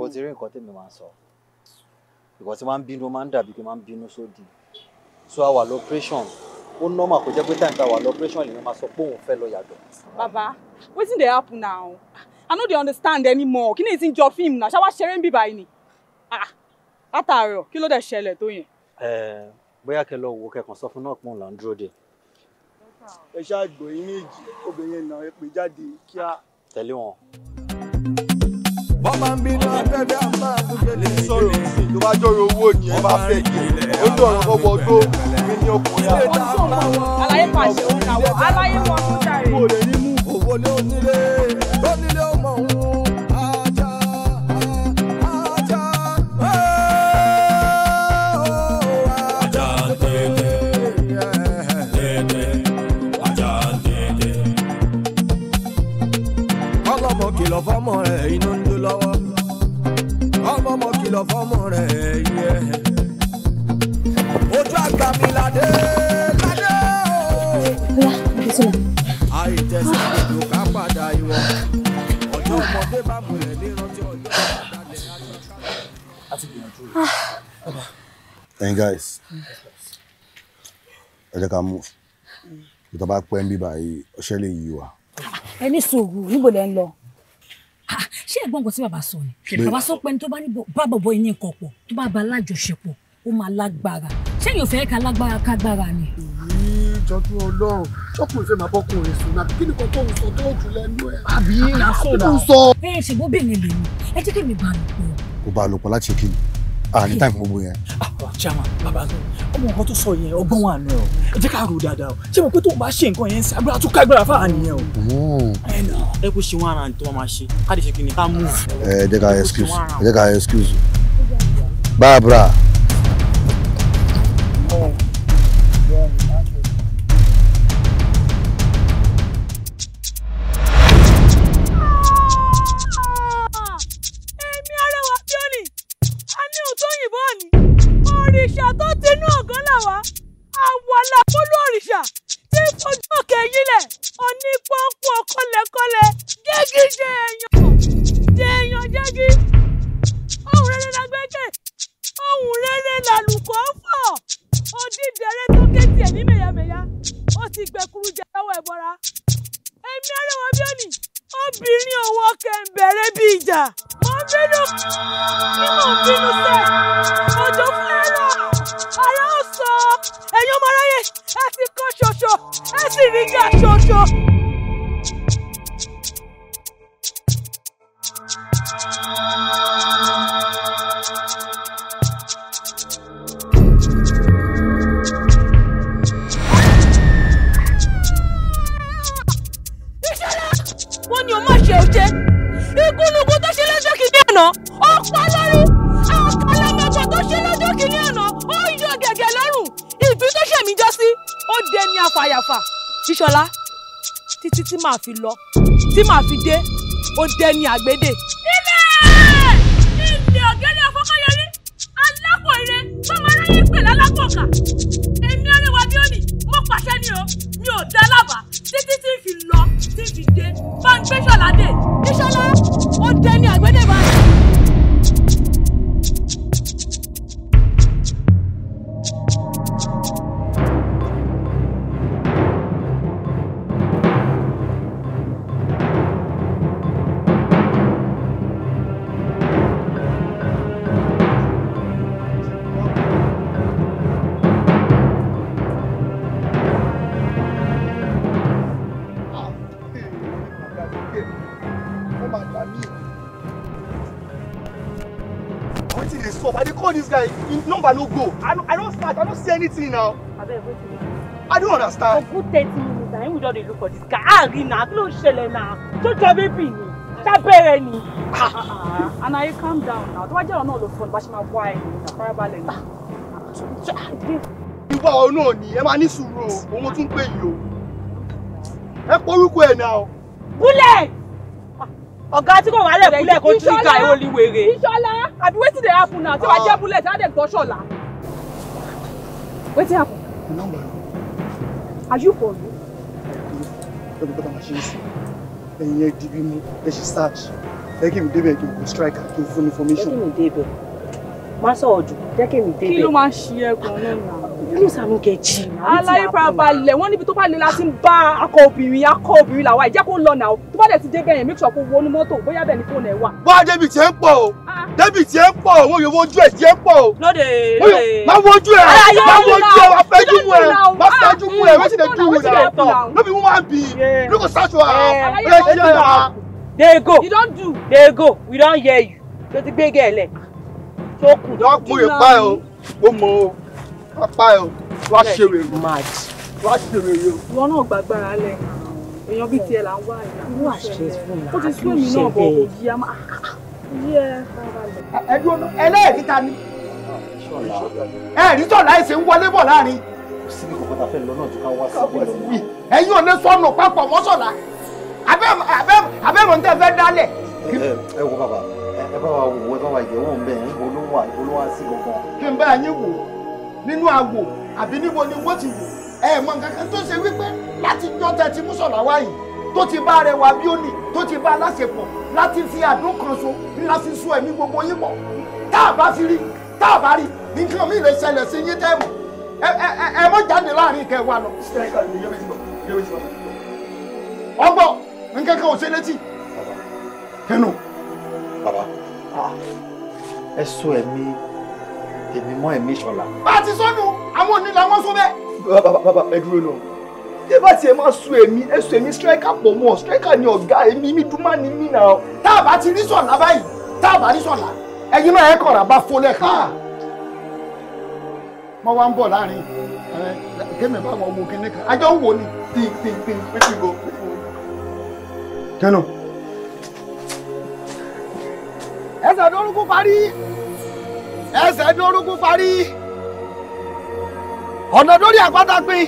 ìwọ ti rí nǹkan tèmi máa ń sọ ìwọ ti máa ń bínú máa ń dàbí pé máa ń bínú sódì so àwa l'operation ó nọ́mà kò jẹ́ pé time tá a wà l'operation lèmi máa sọ pé òun fẹ́ lọ yàgbẹ́. baba wetin dey happen now i no dey understand anymore kí ni ìsìn jọ fíìmù náà ṣáwá ṣeré ń bì báyìí ni ah, látàárọ̀ kí ló dẹ̀ ṣẹlẹ̀ tó yẹn. Eh, bóyá kẹ lọ wo kẹkàn sọ fún náà pé òun là ń dúró dè. ẹ ṣáà gbòyìn méjì obìnrin náà ẹ pè jáde kíá. tẹ̀lé wọn bọ́bá ń bínú afẹ́fẹ́ á máa sọ̀rọ̀ tó bá owó ni ẹ bá fẹ́ kí ó dọ̀rọ̀ kọ́kọ́ tó mi ní ọkùnrin àwọn. aláyé pàṣẹ òun làwọn aláyé wọn kó jàre. mo lè ní mú òwò lé onílé onílé ọmọ òun. bá pẹ́ ń bí báyìí ọṣẹ lè yí wa. ẹ ní sùúrù níbo lẹ ń lọ. ṣé ẹ̀gbọ́n kan tí bàbá sọ ni bàbá sọ pé ní tó bá ní bá bọ̀bọ̀ yín ní nǹkan pọ̀ tó bá ba alájọṣepọ̀ ó máa lágbára ṣé èèyàn fẹ́ẹ́ ka lágbára kágbára ni. èyí jọdún ọlọ́run ọkùnrin fẹẹ máa bọkùnrin sùn náà kí nìkan tó ń sọ tó jù lẹ́nu ẹ. àbí nàá sọ̀rọ̀ ẹ ṣègbóbìnrin à ah, ní táìmù gbogbo yẹn. Ah, chairman baba lọ ọmọ nǹkan tó sọ yẹn ọgbọ́n wà nù ẹ o jẹ́ ká rò dáadáa o ṣé mo pé tó o bá ṣe nǹkan yẹn sí agbára tó kágbára fáà nìyẹn o. Hmm. ẹ kó ṣe wọn ara ní tó wọn máa ṣe ká ṣe kí ni ká move. Eh, ẹ jẹ́ ká excuse ẹ jẹ́ ká excuse báàbúrà. wá àwọn alápolú òrìṣà tí fojú òkè yílẹ̀ òní pọ́ńpọ́ kọ́lẹ̀kọ́lẹ̀ jẹ́gí jẹ́ èèyàn jẹ́ èèyàn jẹ́gí ohun rere la gbẹ́kẹ̀ ohun rere làlùkọ́ fọ̀ odídẹrẹ́ tó ké tiẹ̀ ní mẹ̀yàmẹ̀yà ó ti gbẹ̀kuru jẹ lọ́wọ́ ẹ̀bọra èmi arẹwà bí òní obìnrin òwò kẹ̀ǹbẹ̀rẹ̀ bí ìjà mo ń bínú ni mo bínú sẹ́ẹ̀ òjò fún ẹ̀rọ ara ó sọ ẹ̀yin ọmọ aráyé ẹ ti kọ́ ṣoṣo ẹ sì rí jà ṣoṣo. wọ́n ní o má ṣe òjẹ́ ikú nukú tó ṣe lẹ́sẹ̀kì bí ọ̀nà ọ̀pá lọ́rùn. ibi tó ṣe mí jọ sí ó dé ní afàyàfà ṣíṣọlá títí tí màá fi lọ tí màá fi dé ó dé ní àgbédè. ilé ilé ọ̀gẹ́dẹ̀ afọ́kọ́yẹrí alápò ire bámaráyé pè lálápọ̀kà èmi arẹwà bí ó nì mo pàṣẹ ni o mi ò dá lábàá títí tí n fi lọ tí n fi dé bá ń gbé ṣọlá dé. ṣíṣọlá ó dé ní àgbédè báyìí. see now. i don't understand. for good thirty minutes na him we look for this guy ah rí na kí ló ń ṣẹlẹ̀ náà tó jọ bébì ni ṣàbẹ̀rẹ̀ ni. Ah. Ah, ah, anaye calm down na tó bá jẹ́ ọ̀nà olùfọ̀ ní bá ṣe máa wá ẹ̀ ní àfarabalẹ̀ ni. ìwà ọ̀nà ni ẹ máa ní sùúrù o òun tún pè yìí o ẹ porúkọ ẹ̀ náà. bullet ọ̀gá tí kò wálẹ̀ bullet kó tún ìka ìwọlì wèrè. ìṣọlá àbí wetin dey happen now tí wàá jẹ́ bullet á dẹ̀ gbọ́ Wetin happen? You know Are you for real? Don't me on my shoes. Ẹ̀yin ẹ di bí mú, ẹ ṣe search. Ẹ kí me débẹ̀ kí strike kí n information. Ẹ me mi débẹ̀. Má sọ̀rọ̀ jù, jẹ́ kí mi débẹ̀. Kí ló Please, Sàánú Kẹ́chì. Aláyé farabalẹ̀, wọ́n níbi tó bá lè láti ń bá akọ obìnrin, akọ obìnrin làwa ìjẹ́ kó lọ náà. Tó bá dẹ̀ ti dé bẹ̀yẹn, make sure kó wọnú mọ́tò, bóyá bẹ̀ ni fóònù ẹ̀ wà. Bá débi tí ẹ ń pọ̀ o, débi tí ẹ ń pọ̀ o, wọ́n yóò wojú ẹ̀ tí ẹ ń pọ̀ o. Lóde lóde. Má wojú ẹ̀, má wojú ẹ̀, wà fẹ́jú mú ẹ̀, má fẹ́jú mú ẹ̀, wọ́n sì lè dúró náà. Lóbi wọ́n máa bì í, lóko sáṣọ They go. You don't do. They go. We don't hear you. Tó ti gbé gẹ̀ẹ́lẹ̀. Tó kù. Wọ́n kú ìpá ẹ̀ o. Ó pápá ẹ o wá ṣe rèrè wá ṣe rèrè o. ìwọ náà gbàgbára lẹ èèyàn bíi tiẹ̀ là ń wá ìlú àṣẹ o ti sún èmi náà bọ̀ kò yí a máa yí ẹ farabalẹ̀. ẹ dúró ẹlẹ́ẹ̀rí ta ni ẹ̀rí tọ̀lá ẹ̀sẹ̀ ń wọlé bọ̀ láàrin. síbi kòkó ta fẹ́ lọ náà ju ká wá síbi lọ. ẹ̀yin ò ní sọnù papọ̀ mọ́sọ̀lá abẹ́rùn tẹ́ fẹ́ dálẹ̀. ẹ wo bàbá ẹ bá wa wò ẹ bá wa yẹ̀ wò ń bẹ̀ ẹ̀ ń bo olówó àti olówó àti gbọ̀ngàn. kí n bá yín wò ó nínú àwò àbí níbo ni wọ́n ti wò ẹ mọ nǹkan kan tó ṣe wípé láti jọ́ tẹ ti mú sọ̀rọ̀ wáyé tó ti bá rẹwà bí ó nì tó ti bá aláṣepọ̀ láti fi àdó kan so láti sún ẹ̀mí gbogbo yín pọ̀ tá a bá fi rí tá a bá rí nǹkan mi lè ṣẹlẹ̀ sí yín tẹ́ mọ̀ ẹ mọ̀ jáde láàrin ìkẹwà lọ. ọgbọ́n nǹkan kan ò ṣe létí. kẹnu. bàbá ah. ẹ sọ ẹ̀mí èmi mọ ẹ̀mí ìṣọ̀lá. bá a ti sọnù àwọn òní làwọn sọ bẹ́ẹ̀. bàbá bàbá ẹ dúró lọ tí ẹ bá tiẹ̀ máa sun èmi ẹ sun èmi striker pọ̀ mọ́ striker ni ọ̀gá èmi mi dúmọ́ ni mí nà. tá a bá ti rí sọ̀lá báyìí tá a bá rí sọ̀lá ẹyin náà ẹ kọ̀ra bá folẹ̀ ká. mo wá ń bọ̀ láàrin gémi bá wọn wo kíní kan ajọ́ ń wò ni pínpínpín go. kẹ́nu. ẹsẹ̀ bí orúkú parí ọ̀nà lórí àpáta pin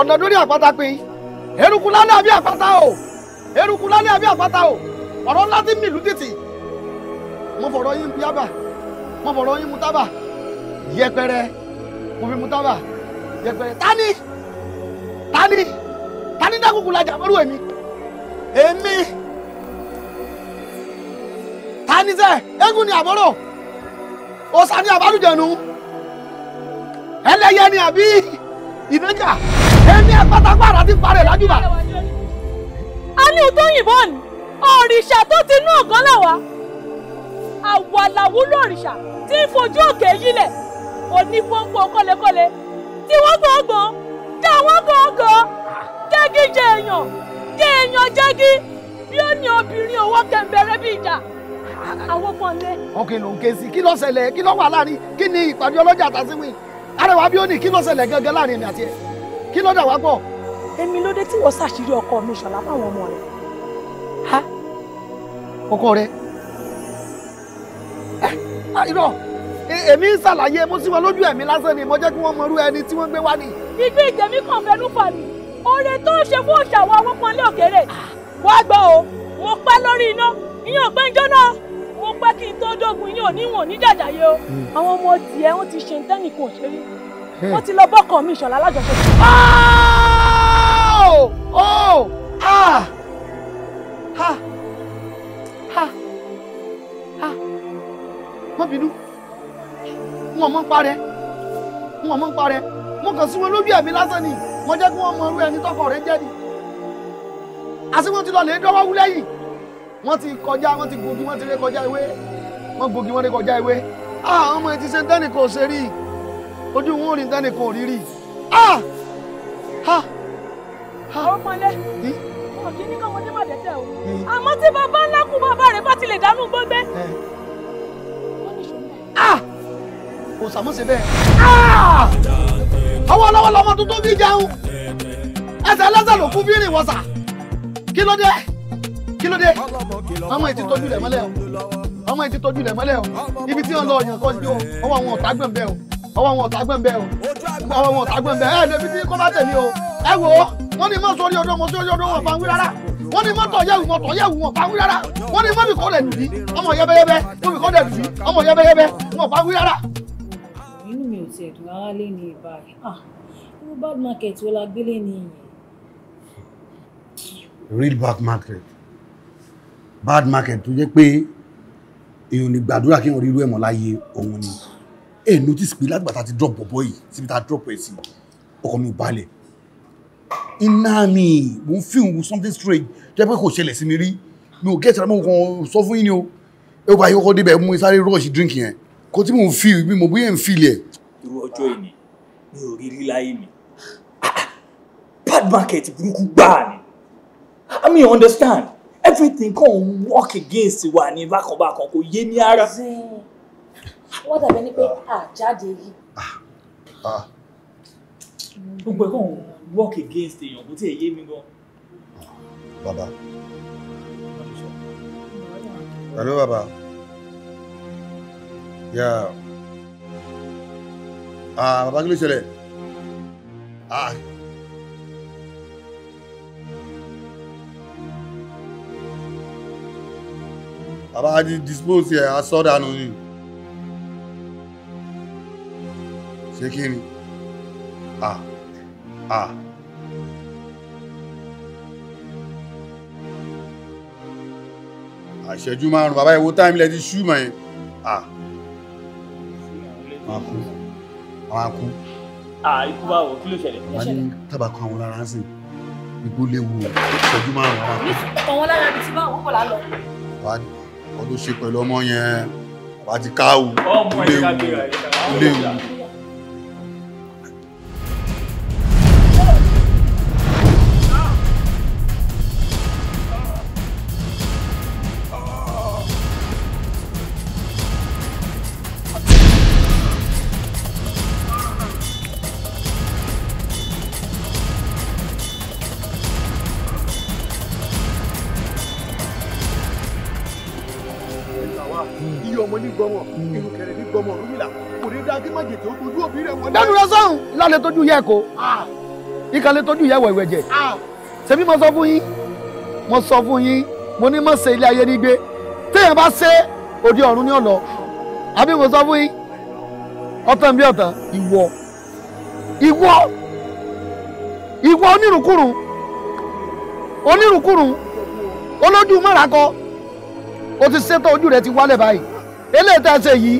ọ̀nà lórí àpáta pin eruku lálẹ́ àbí àpáta o eruku lálẹ́ àbí àpáta o ọ̀rọ̀ ńlá ti mo fọ̀rọ̀ yín piaba mo fọ̀rọ̀ yín mutaba yẹpẹrẹ mo fi mutaba yẹpẹrẹ tani tani tani dákùkù lajà mọ́rú èmi èmi tani sẹ́ egun ni àbọ̀rọ̀. ọ̀sà ni àbálùjẹ̀nu ẹlẹ́yẹ ni àbí ìnájà èmi àpátápàrà ti parẹ́ lájúbà. a ní ohun tó yìnbọn ni òrìṣà tó ti nú ọ̀gán làwà àwàlàwú lòrìṣà tí ń fojú òkè yílẹ̀ onípọ́npọ́ kọ́lẹ́kọ́lẹ́ tí wọ́n gbọ̀ngbọ̀n dá wọ́n gọ̀ọ̀gọ̀ jẹ́gí jẹ́ èèyàn jẹ́ èèyàn jẹ́gí bí ó ní obìnrin òwò kẹ̀mbẹ̀rẹ̀ bí ìjà àwọn bọ̀lẹ̀. ọkàn ló ń ké sí kí ló ṣẹlẹ̀ kí ló wà láàrin kí ni ìpàdé ọlọ́jà àtàsíwìn arẹwà bí ó ní kí ló ṣẹlẹ̀ gangan láàrin èmi àti ẹ kí ló dà wá pọ̀. èmi ló dé tí wọ́n ṣàṣírí ọkọ mi ṣọ̀lá fáwọn ọmọ rẹ̀. ọkọ rẹ eh, ah, irọ́ e, èmi ń ṣàlàyé mo sì wọn lójú ẹ̀mí lásán ni mo jẹ́ kí wọ́n mọ irú ẹni tí wọ́n gbé wá ni. ìgbé ìjẹ̀mí kan fẹnu fà mí oore tó ṣe fún òṣàwọ̀ awọ́pọ̀nlé òkèrè ah. wá gbọ́ o mo pẹ́ lórí iná ìyẹn ọ̀gbẹ́ ìjọ náà mo pẹ́ kí n tó dógun ìyẹn ò ní wọn ní jàjàyè o àwọn ọmọ tiẹ̀ wọ́n ti ṣe ntẹ́nìkan òṣèré wọ́n ti lọ bọ́kàn mi ìṣọ̀lá alájọṣe. Ah! má bínú wọn mọ ń wọn mọ ń mo kàn sí wọn lóbi lásán ni mo jẹ́ kí wọ́n mọ irú ẹni tọkọ rẹ̀ jẹ́ ni àsìkò tí lọ lè dọ́wọ́ wúlẹ́yìn wọ́n ti kọjá wọ́n ti gogi wọ́n ti ré kọjá ewé wọ́n gogi wọ́n ré kọjá ewé ah ọmọ ẹ ti ṣe dánìkan ò ṣe rí ojú wọn ò rí dánìkan ò rí rí ah ha ha. ọmọlẹ ọkì ní kọmọdé má dẹ́tẹ̀ o àmọ́ tí bàbá ńlá kú bàbá rẹ̀ bá tilẹ̀ dánú gbọ́gbẹ́. ah kò sàmúnṣe bẹ́ẹ̀ ah ọwọ́ lọ́wọ́ lọ́mọ tuntun bí jẹun ẹsẹ̀ ẹlẹ́sẹ̀ ló fún bí rìn wọ́sà kí ló dé kí ló dé ọmọ yìí ti tọ́jú rẹ̀ mọ́lẹ̀ o ọmọ yìí ti tọ́jú rẹ̀ mọ́lẹ̀ o ibi tí wọ́n lọ ọ̀yàn kan sí o ọwọ́ àwọn ọ̀tá gbọ̀n bẹ́ẹ̀ o ọwọ́ àwọn ọ̀tá gbọ̀n bẹ́ẹ̀ o ọwọ́ àwọn ọ̀tá gbọ̀n bẹ́ẹ̀ ẹ̀ lẹ́bi tí kọ́ bá tẹ̀lé o ẹ wò ó wọ́n ní mọ́tò orí ọdún mọ́tò orí ọdún wọn bá ń wí rárá wọ́n ní mọ́tò yẹ̀wù mọ́tò yẹ̀wù wọn bá ń wí rárá wọ́n ní mọ́bì kọ́ dẹ̀ nùbí ọmọ yẹ́bẹ́yẹ́bẹ́ mọ́bì kọ́ dẹ̀ nùbí ọmọ yẹ́bẹ́yẹ́bẹ́ wọn bá ń wí rárá. inú mi ò tiẹ̀ dùn rárá lé ní ibà rẹ̀ ah irú bad market wo la gbélé ni. real bad market bad market tó jẹ́ pé èèyàn ní gbàdúrà kí wọ́n rí irú ẹ̀mọ́ láyé òun ni èè notice pé látìgbà tá a ti drop bọ̀bọ̀ yìí síbi tá a drop ẹ̀ sí ọkọ mi ò balẹ̀ iná mi mo ń feel something strange jẹ́ pé kò ṣẹlẹ̀ sí mi rí mi ò gẹ́tì rámọ́ kan sọ fún yín ni o ẹ wà yọkọ débẹ̀ mú sáré rush drink yẹn kó tí mo ń feel mi mo bóyá ń feel ẹ̀. irú ọjọ́ ìní mi ò rí rí láyé mi ah, ah, bad market burúkú gbáà ni i mean understand everything kàn work against wa ní bákanbákan kò yé mi ara. have any ẹni Ah, àjáde yìí. Ah, ah. kàn ń work against èèyàn kò tí ì yé mi gan. bàbá hello Baba. Yeah. ah Baba, kí ló ṣẹlẹ̀ ah. bàbá ti dispose ẹ̀ asọ́dànù ni ṣé kí ni ah ah. àṣẹjú márùn bàbá ìwò táìmì lẹ ti ṣú mọ̀ yẹn à máa kú máa kú. àìkú bá wò kí ló ṣẹlẹ̀. wọ́n ní tábàkọ àwọn lára ń sìn igbó léwu àṣẹjú márùn àwọn. ọ̀wọ́n lára ti bá òun kọ̀ lálọ́ ọdún ṣe pẹ̀lú ọmọ yẹn bàbá káwù ilé ìwù ilé ìwù. ìkàlẹ̀ tójú yẹ kó ìkàlẹ̀ tójú yẹ wẹ̀wẹ̀ jẹ ṣebí mo sọ fún yín mo sọ fún yín mo ní mọ̀ ṣe ilé ayé ní gbé téèyàn bá ṣe òde ọ̀run ní ọ̀nà àbí mo sọ fún yín ọ̀tàn bí ọ̀tàn ìwọ ìwọ ìwọ onírùnkùrùn onírùnkùrùn olójú mọ́ra kọ o ti ṣètò ojú rẹ ti wálẹ̀ báyìí eléyìí tá a ṣe yìí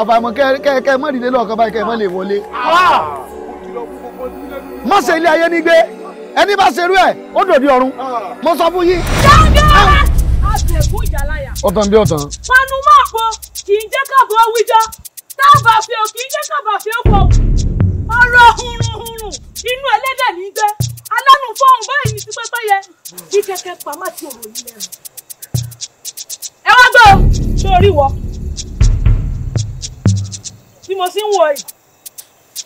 àfàìmọ̀ kẹ́ẹ̀kẹ́ mọ́rìnlélọ́ọ̀kan báyìí kẹ́ẹ̀ mọ́ lè wọlé má ṣe ilé ayé ní gbé ẹni bá ṣerú ẹ̀ ó dòde ọ̀run mo sọ fún yín. jáde ọ̀rẹ́ àbẹ̀kú ìjàláyà. ọ̀tàn bí ọ̀tàn. panumọ́ àpò kì í jẹ́ káàbọ̀ wíjọ táàbà fi ò kì í jẹ́ káàbà fi ó pọ̀ ọ̀rọ̀ hurunhurun inú ẹlẹ́dẹ̀ ní gbé alánú fọ́ọ̀hún báyìí sí pẹ́pẹ́ yẹ kí kẹ́kẹ́ pamá ti ọ̀rọ̀ yìí lẹ́nu. ẹ wá gbọ́ sórí wọ bí mo sì ń wọ yìí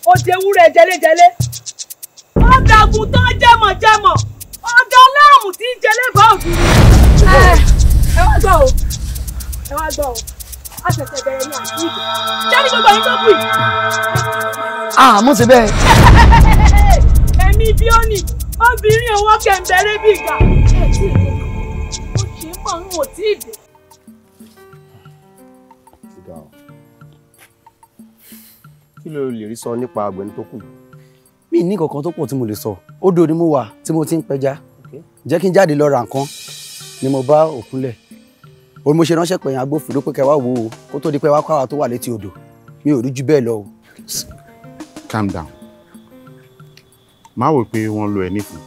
ó jẹ ewúrẹ́ jẹlẹ́jẹlẹ́ ọ̀dàgùn tán jẹ́mọ̀jẹ́mọ̀ ọ̀dà láàmù tí ń jẹlé bá ògiri. ẹ wá gbọ́ o ẹ wá gbọ́ o a ṣẹ̀ṣẹ̀ bẹ̀rẹ̀ ní àdúgbò ṣé ní gbogbo yín tó kù yìí. a mú ti bẹ́ẹ̀. ẹ̀mí bí ó ní obìnrin òwò kẹ̀ǹbẹ̀rẹ̀ bí ìgbà kí ló lè rí sọ nípa àgbẹ̀ni tó kù yìí mi ní kankan tó pọ̀ tí mo lè sọ odò ni mo wà tí mo ti ń pẹja jẹ́ kí n jáde lọ ra nǹkan ni mo bá òkúnlẹ̀ òun mo ṣe ránṣẹ́ pẹ̀yìn agbófinró pé kẹ́ wá wò ó kó tó di pé wá kó àwa tó wà létí odò mi ò rí jù bẹ́ẹ̀ lọ o. calm down má wò pé wọ́n lo ẹ̀ nífun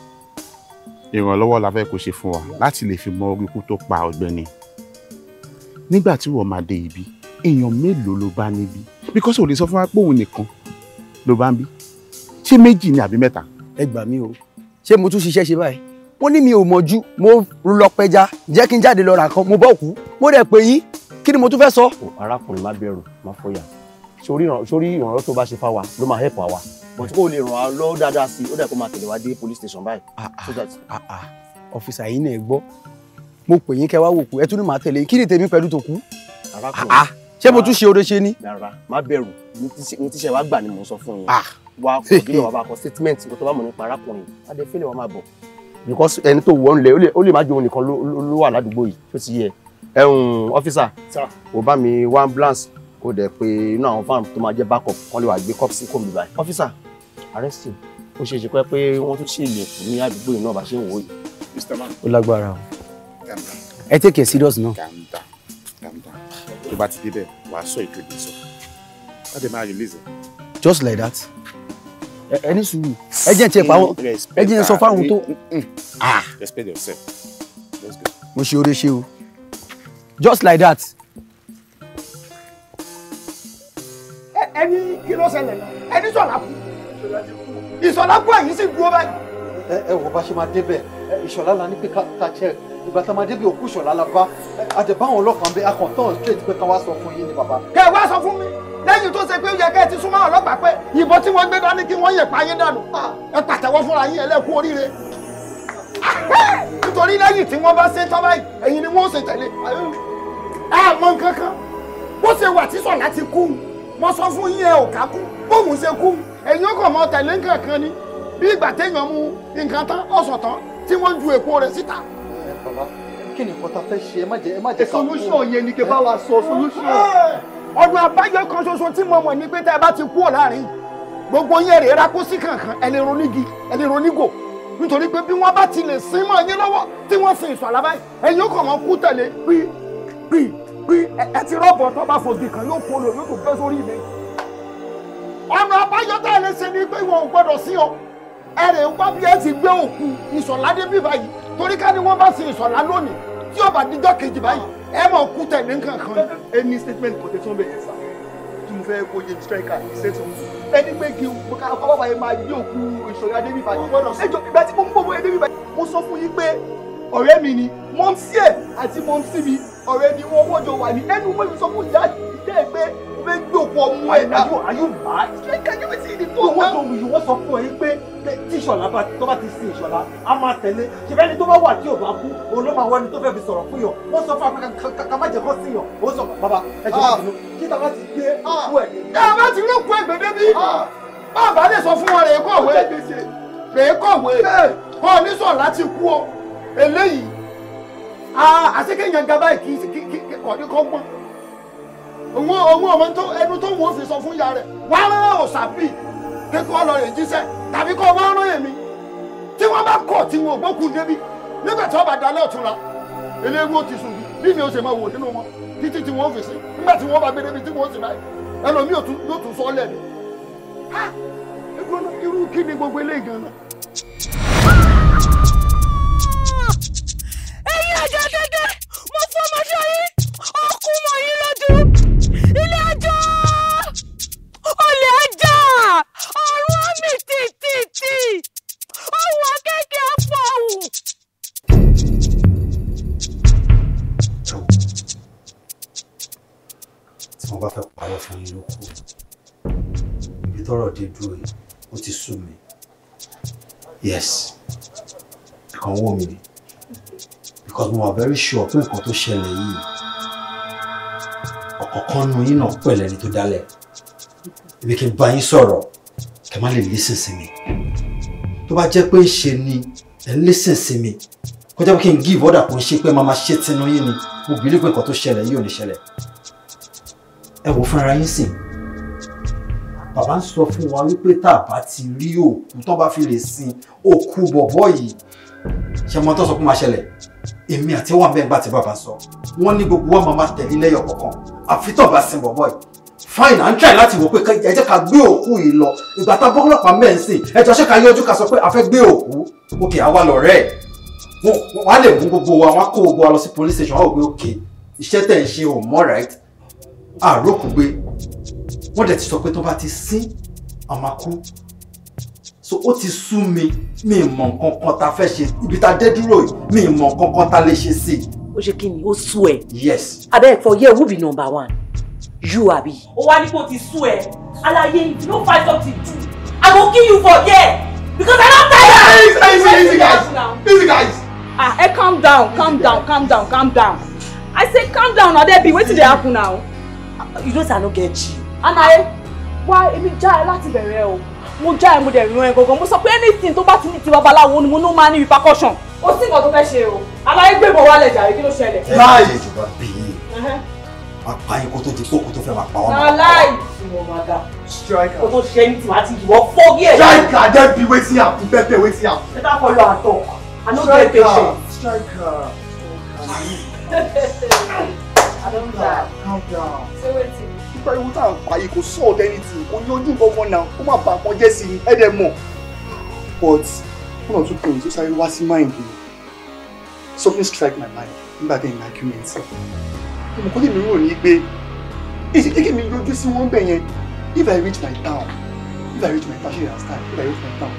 ìrànlọ́wọ́ la fẹ́ kó ṣe fún wa láti lè fi mọ orí kú tó pa ọ̀gbẹ́ni nígbà tí wọ́n máa dé ibi èèyàn mélòó ló bá níbi bíkọ́sì ò lè sọ fún wa pé òun nìkan ló bá ń bí ṣé méjì ni àbí mẹ́ta. ẹ gbà mí o ṣé mo tún ṣiṣẹ́ ṣe báyìí wọ́n ní mi ò mọ̀jú mo lọ pẹja jẹ́ kí n jáde lọ ra kan mo bọ́ òkú mo dẹ̀ pé yín kí ni mo tún fẹ́ sọ. arákùnrin má bẹ̀rù má fọyà sórí ìrànlọ́wọ́ tó bá ṣe fáwa ló máa help wa but kó o lè ràn wá lọ́wọ́ dáadáa sí i ó dẹ̀ kó máa tẹ̀lé wa dé police station báyìí. Ah, ah, ah, ọ̀fíìsà yìí náà gbọ́ mo pè yín kẹ́ wá wò kú ẹ tún ní màá tẹ̀lé kí ni tèmi pẹ̀lú tòkú. arákùnrin ṣé mo tún ṣe oore ṣe ni. rárá má bẹ̀rù mo ti ṣe wá gbà ni mo sọ fún yín wa kò bí wàá bá kọ statement nǹkan tó bá mọ̀ nípa arákùnrin adé wàá máa bọ̀ because ẹni tó wọ́n lẹ̀ ó lè má jẹun nìkan ló wà ládùúgbò yìí tó ti yẹ ẹ̀hún ọ́fíìsà kò bá mi wá ambulance kò dẹ̀ pé inú àwọn farm tó máa jẹ́ backup kan lè wà gbé cup sí kò mi báyìí ọ́fíìsà arrest him ó ṣe ṣe pé wọ́n tún ṣe ìlẹ̀kùn ní àdúgbò yìí náà bá ṣe ń wò yìí. ó lágbára o ẹ take it serious náà. kàńtà kàńtà tó bá ti débẹ̀ wàá sọ ìkéde sọ wọ́n ti release it. just like that ẹ ní sùúrù ẹ jẹ́ tiẹ̀ pàwọn ẹ jẹ́ sọ fáwọn tó. Mm. Mm. Ah. respect yourself let's go. mo ṣe oore ṣe o just like that. ẹni kí ló ṣẹlẹ̀ ẹni sọ̀lá kú ìsọ̀lá kú ẹ̀yìn sì dúró báyìí ẹ wò bá ṣe máa débẹ̀ ìṣọ̀lá la ní pé ká check ìgbà tá a máa débi òkú ìṣọ̀lá la bá àjẹbáwọn ọlọ́pàá ń bẹ akọ̀ntàn straight pé ká wá sọ fún yín ni bàbá. kẹ ẹ wá sọ fún mi lẹ́yìn tó ṣe pé ó yẹ kẹ́ ẹ ti súnmọ́ ọlọ́pàá pé ìbọn tí wọ́n gbé dání kí wọ́n yẹ pa yín dànù ah. ẹ pàtẹ́wọ́ fúnra yín ẹlẹ́kùn oríire nítorí lẹ́yìn tí wọ́n bá ṣe tán báyìí ẹ̀yin ni wọ́n ṣe tẹ̀lé ẹ mọ nǹkan kan bó ṣe wà tí sọ̀lá ti kú mo sọ fún yín ẹ ò ká kú bóun ṣe kú ẹ̀yin ó kàn mọ tẹ̀lé nǹkan kan ni bí ìgbà téèyàn mú nǹkan tán ọ̀sán tán tí wọ́n ju èpo rẹ̀ síta. bàbá kí ni nǹkan ta fẹ́ ṣe ẹ má jẹ ẹ má jẹ ká kú. solution yẹn ni kí bá wa sọ solution. ọ̀nà àbáyọ kan ṣoṣo tí mo mọ̀ ni pé tá a bá ti kú ọ̀ láàrin gbogbo yẹn rèé rákó sí kankan ẹni ronígi ẹni ronígò nítorí pé bí wọ́n bá ti lè sin mọ́ yín lọ́wọ́ tí wọ́n sin ìsọ̀ àlábáyé ẹ̀yin ó kàn wọ́n kú tẹ̀lé pí pí pí ẹ ti rọ́bọ̀ tó bá fògì kan yóò polo yóò tún bẹ́ sórí mi. ọ̀nà àbáyọ tá a lè ṣe ni pé ìwọ̀n ò gbọ́dọ̀ sí ọ ẹrẹ̀ ń wá bí ẹ ti gbé òkú ìsọ̀lá débí báyìí torí ká ní wọ́n bá sin ìsọ̀lá lónìí tí ó bá dijọ́ kejì báyìí ẹ mọ̀ kú tẹ̀lé nǹkan kan. ẹni statement kò tẹ tí wọn bẹ yẹn sá tí mo fẹ́ kó yé striker ìṣètò ẹni pé kí ọkọ bàbá yẹn máa yí òkú ìsọ̀lá débí báyìí ẹjọ ìgbà tí mo ń gbogbo débí báyìí mo sọ fún yín pé ọ̀rẹ́ mi ni mọ̀nsí ẹ̀ àti mọ̀nsí mi ọ̀rẹ́ ni wọ́n wọ́jọ wà ní ẹnu mọ́ ìsọfún ìyá ìdẹ́ pé fẹ́ gbòkó ọmọ ẹ̀ náà. are you mad. can you be seeing the phone now. ìwọ́n ìwọ́n sọ fún ẹ pé tí ìṣọ̀lá bá tó bá ti sin ìṣọ̀lá a máa tẹ̀lé ṣẹ̀fẹ́ ni tó bá wà tí ò bá kú òun ló máa wá ni tó fẹ́ fi sọ̀rọ̀ fún yàn wọ́n sọ fún akẹ́kọ̀ọ́ ká má jẹ́ kó sí yàn ó sọ bàbá ẹ jẹ́ kó ah. kí tá a bá ti gbé ah. òkú ẹ̀. tá a bá ti lókun ẹgbẹ́ bébí bàbá lè sọ fún wọn rèé kọ̀wé rèé kọ̀wé kọ́ ọ nísọ̀ láti kú ọ eléyìí ah, àṣekẹ́yìn gaba yìí kì í kọ́ ọdún kọ́ gbọ́n òun òun ọmọ tó ẹnu tó wọ́n fi sọ fún ìyá rẹ̀ wá rán ọ̀sàpì pé kó lọ rè jíṣẹ́ tàbí kó wá rán èmi tí wọ́n bá kọ̀ tí wọn ò gbókùn débi nígbà tí wọ́n bá dalẹ́ ọ̀túnra eléwó ti sùn bí mi ò ṣe máa wò nínú wọn títí tí wọ́n fi sí nígbà tí wọ́n bá gbé débi tí wọ́n sì báyìí ẹlòmíì yóò tún sọ ọ́ lẹ́nu irú kí ni gbogbo eléyìí gan-an. dé dúró yìí ó ti sú mi yes nǹkan wò mí because mo wà very sure pé nǹkan tó ṣẹlẹ̀ yìí ọ̀kọ̀ọ̀kan nu yín náà pẹ̀lẹ́ ni tó dálẹ̀ ibi kí n bá yín sọ̀rọ̀ kẹ́ má lè listen sí mi tó bá jẹ́ pé ṣe ni ẹ̀ ń listen sí mi kó jẹ́ pé kí n give order kò ń ṣe pé máa ṣe tinú yín ni mo bìlí pé nǹkan tó ṣẹlẹ̀ yìí ò ní ṣẹlẹ̀ ẹ wò fúnra yín sìn bàbá ń sọ fún wa wípé tá a bá ti rí òkú tó bá fi lè sin òkú bọ̀bọ̀ yìí ṣe mọ́ tó sọ fún máa ṣẹlẹ̀ èmi àti wà bẹ́ẹ̀ bá ti bàbá sọ wọ́n ní gbogbo wa máa tẹ̀lé lẹ́yọ̀ kọ̀ọ̀kan àfi tó bá sin bọ̀bọ̀ yìí fine à ń try láti wò pé ẹ jẹ́ ká gbé òkú yìí lọ ìgbà tá bọ́lọ́pàá mẹ́rin sìn ẹ jọ ṣé ká yọjú ká sọ pé a fẹ́ gbé òkú òkè àwa lọ̀rẹ́ ẹ̀ wọ́n á lè mú gbogbo wa wọ́n á kó gbogbo wa lọ sí police station wọ́n ò gbé òkè iṣẹ́ tẹ̀ ń ṣe ò mọ́ right àròkù wọ́n dẹ̀ ti sọ pé tó bá ti sín àmà kú so ó ti sú mi mi mọ̀ nǹkan kan ta fẹ́ ṣe ibi ta dé dúró yìí mi mọ̀ nǹkan kan ta lè ṣe sí i. ó ṣe kí ni ó sú ẹ. yes. abeg for here who be number one you abi. ó wá ní kó ti sú ẹ alaye if you no find something i go kill you for here because i don tire. easy easy easy guys easy guys. ah hey, calm down calm down calm down calm down i say calm down odebi wetin dey happen now. you know say i no get you anaye wá èmi já ẹ láti bẹ̀rẹ̀ o mo já ẹ mo dẹ̀ ràn ẹ gangan mo sọ pé anything tó bá ti ní ti babaláwo ni mo ní máa ní repercussion o sì nǹkan tó fẹ́ ṣe o anaye gbẹ̀bọ̀ wálẹ̀ jàre kí ló ṣẹlẹ̀. láàyè ìjọba bèè apá yín kó tó di kókó tó fẹ́ máa pa wọ́n. aláì ìwọ máa ga striker kó tó ṣe ní tiwa ti fọ́gí ẹ̀. striker dem be wetin happen pepper wetin happen. better i no get striker striker. calm down calm down. say wetin pariwo tá à ń pa yìí kò sọ̀ọ̀dẹ ní tì kò yanjú gbọ̀ngàn náà kó má bà kan jẹ́ sí i ẹ̀dẹ̀ mọ̀ but one or two points ó sáré wá sí mind mi something strike my mind nígbà tẹ́ in argument ọmọ kan tèmi rò ní pé èsì kékeré mi lójú sí wọn bẹ̀ yẹn if I reach my town if I reach my town she dey understand if I reach my town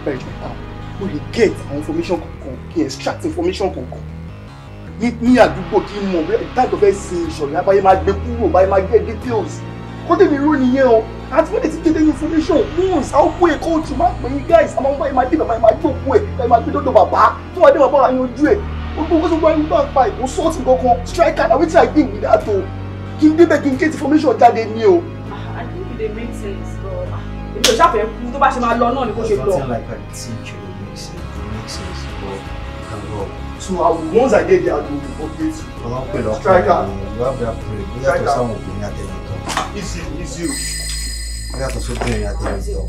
if I reach my town mo lè get àwọn information kankan kí n extract information kankan ní àdúgbò kí n mọ̀ táàtò fẹ́ sin ìṣọ̀lẹ̀ abáyé máa gbé kúrò báyé máa get details kó tèmi ró nìyẹn o àti wọ́n lè ti get information once àwọn òkú ẹ̀ kó tù máa pè é guys àwọn ọmọ ẹ̀ máa dé bàbá ẹ̀ máa gbé òkú ẹ̀ ẹ̀ máa gbé dọ́dọ̀ bàbá tó wà dé bàbá wa yanjú ẹ̀ gbogbo kó tó gbọ́ ẹni tó pa ìkó sọ́ọ̀tì kankan striker na wetin i dey with that o kí n débẹ̀ kí n get information jáde ni o. Ah, i think e dey make sense but ah, èmi ò ṣàfẹ́ kú tó bá ṣe máa lọ náà ni kò ṣe lọ. so I will, once I get there, I will update you. Ọlọ́run pè lọ́kùnrin striker. You have to break. Ó yàtọ̀ sáwọn obìnrin àtẹnitọ́. Easy easy o. Ó yàtọ̀ sóbìnrin àtẹnitọ́.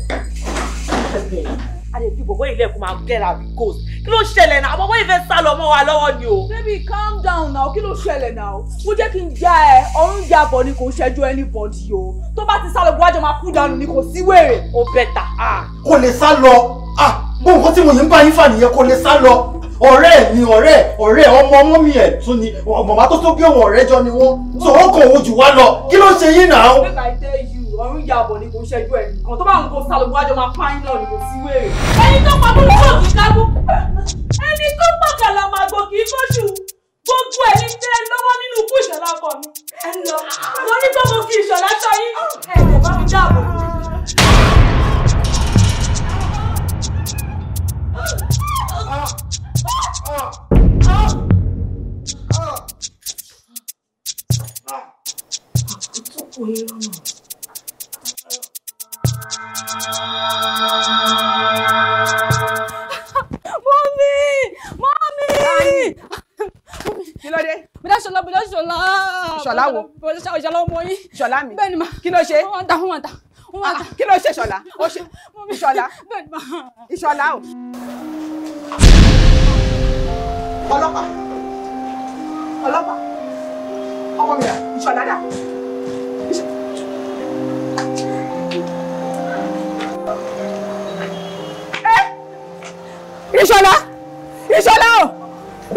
Adé bí bọ̀bọ̀ ilé ẹ̀kọ́ máa get out goals. Kí ló ṣẹlẹ̀ náà? Àbọ̀bọ̀ ìfẹ́ sá lọ Baby calm down now, kí ló ṣẹlẹ̀ náà? Mo jẹ́ kí n já ẹ, ọ̀run já bọ̀ ni anybody o. Tó bá ti sá lọ, Bùwájọ máa kú dànù ni kò sí wèrè. Ó bẹ̀tà. Ah. Kò lè sá lọ. Gbogbo ah, nǹkan tí mo yẹn ń bá yín ọ̀rẹ́ mi ọ̀rẹ́ ọ̀rẹ́ ọmọ ọmọ mi ẹ̀ tún ni màmá tó tó bí òun ọ̀rẹ́ jọ ni wọ́n tó wọ́n kàn wọ́n jù lọ kí ló ṣe yín náà. make i tell you ọ̀run ìyàbọ̀ ni kò ń ṣẹ́jú ẹ̀ nìkan tó bá ń kó sálọgbó àjọ máa pààyàn náà ni kò sí wéèrè. ẹni tó pa bóyá kò kí ká gún ẹni tó pàkàlà máa gbò kì í fóṣù gbogbo ẹni tẹ lọ́wọ́ nínú ikú ìṣọ̀lá ọkọ mi. ẹ lọ wọn ní gbogbo fi ìṣọ̀lá sọ yín ẹ kò ṣọlá wo ṣọlá ọmọ yín ṣọlá mi bẹ́ẹ̀ni ma kí ló ṣe wọn ta wọn ta ah, ta kí ló ṣe ṣọlá ó ṣe o ọlọ́pàá ọlọ́pàá ọkọ mi rà ìṣọ̀dádà. Ìṣọ̀lá Ìṣọ̀lá o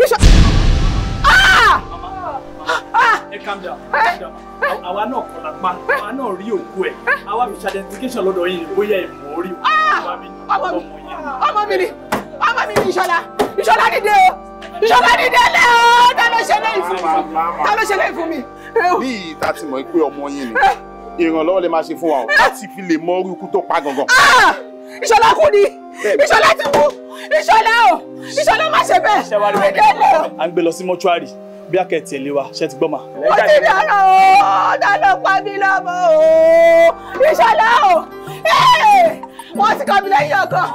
Ìṣọ̀lá. Ah! Ah! Ẹ calm down, calm down. Àwa náà kọ̀ lápá, àwa náà rí òkú ẹ̀. Àwa fi ṣe identification lọ́dọ̀ yìí bóyá ìmọ̀ orí ah! ọmọ mi. Ọmọ mi ni, ọmọ mi ni Ìṣọ̀lá, Ìṣọ̀lá dìde o ìṣọ̀lá ní délé o ta ló ṣe lẹ́yìn fún mi ta ló ṣe lẹ́yìn fún mi. bí ìta ti mọ̀ pé ọmọ yín ni eh. ìrànlọ́wọ́ lè máa ṣe fún wa o eh. láti fi lè mọ orí ikú tó pa gangan. Ah! ìṣọ̀lá kú ni ìṣọ̀lá ti kú ìṣọ̀lá o ìṣọ̀lá má ṣe bẹ́ẹ̀ ìdílé o. à ń gbé lọ sí mọ́ṣúárì bí akẹ́tì ẹ̀ lé wa ṣe ti gbọ́ ma. ó ti dára o dáná pa mí lọ́mọ o ìṣọ̀lá o eh! wọ́n ti kọ́ mi lẹ́yìn ọkọ̀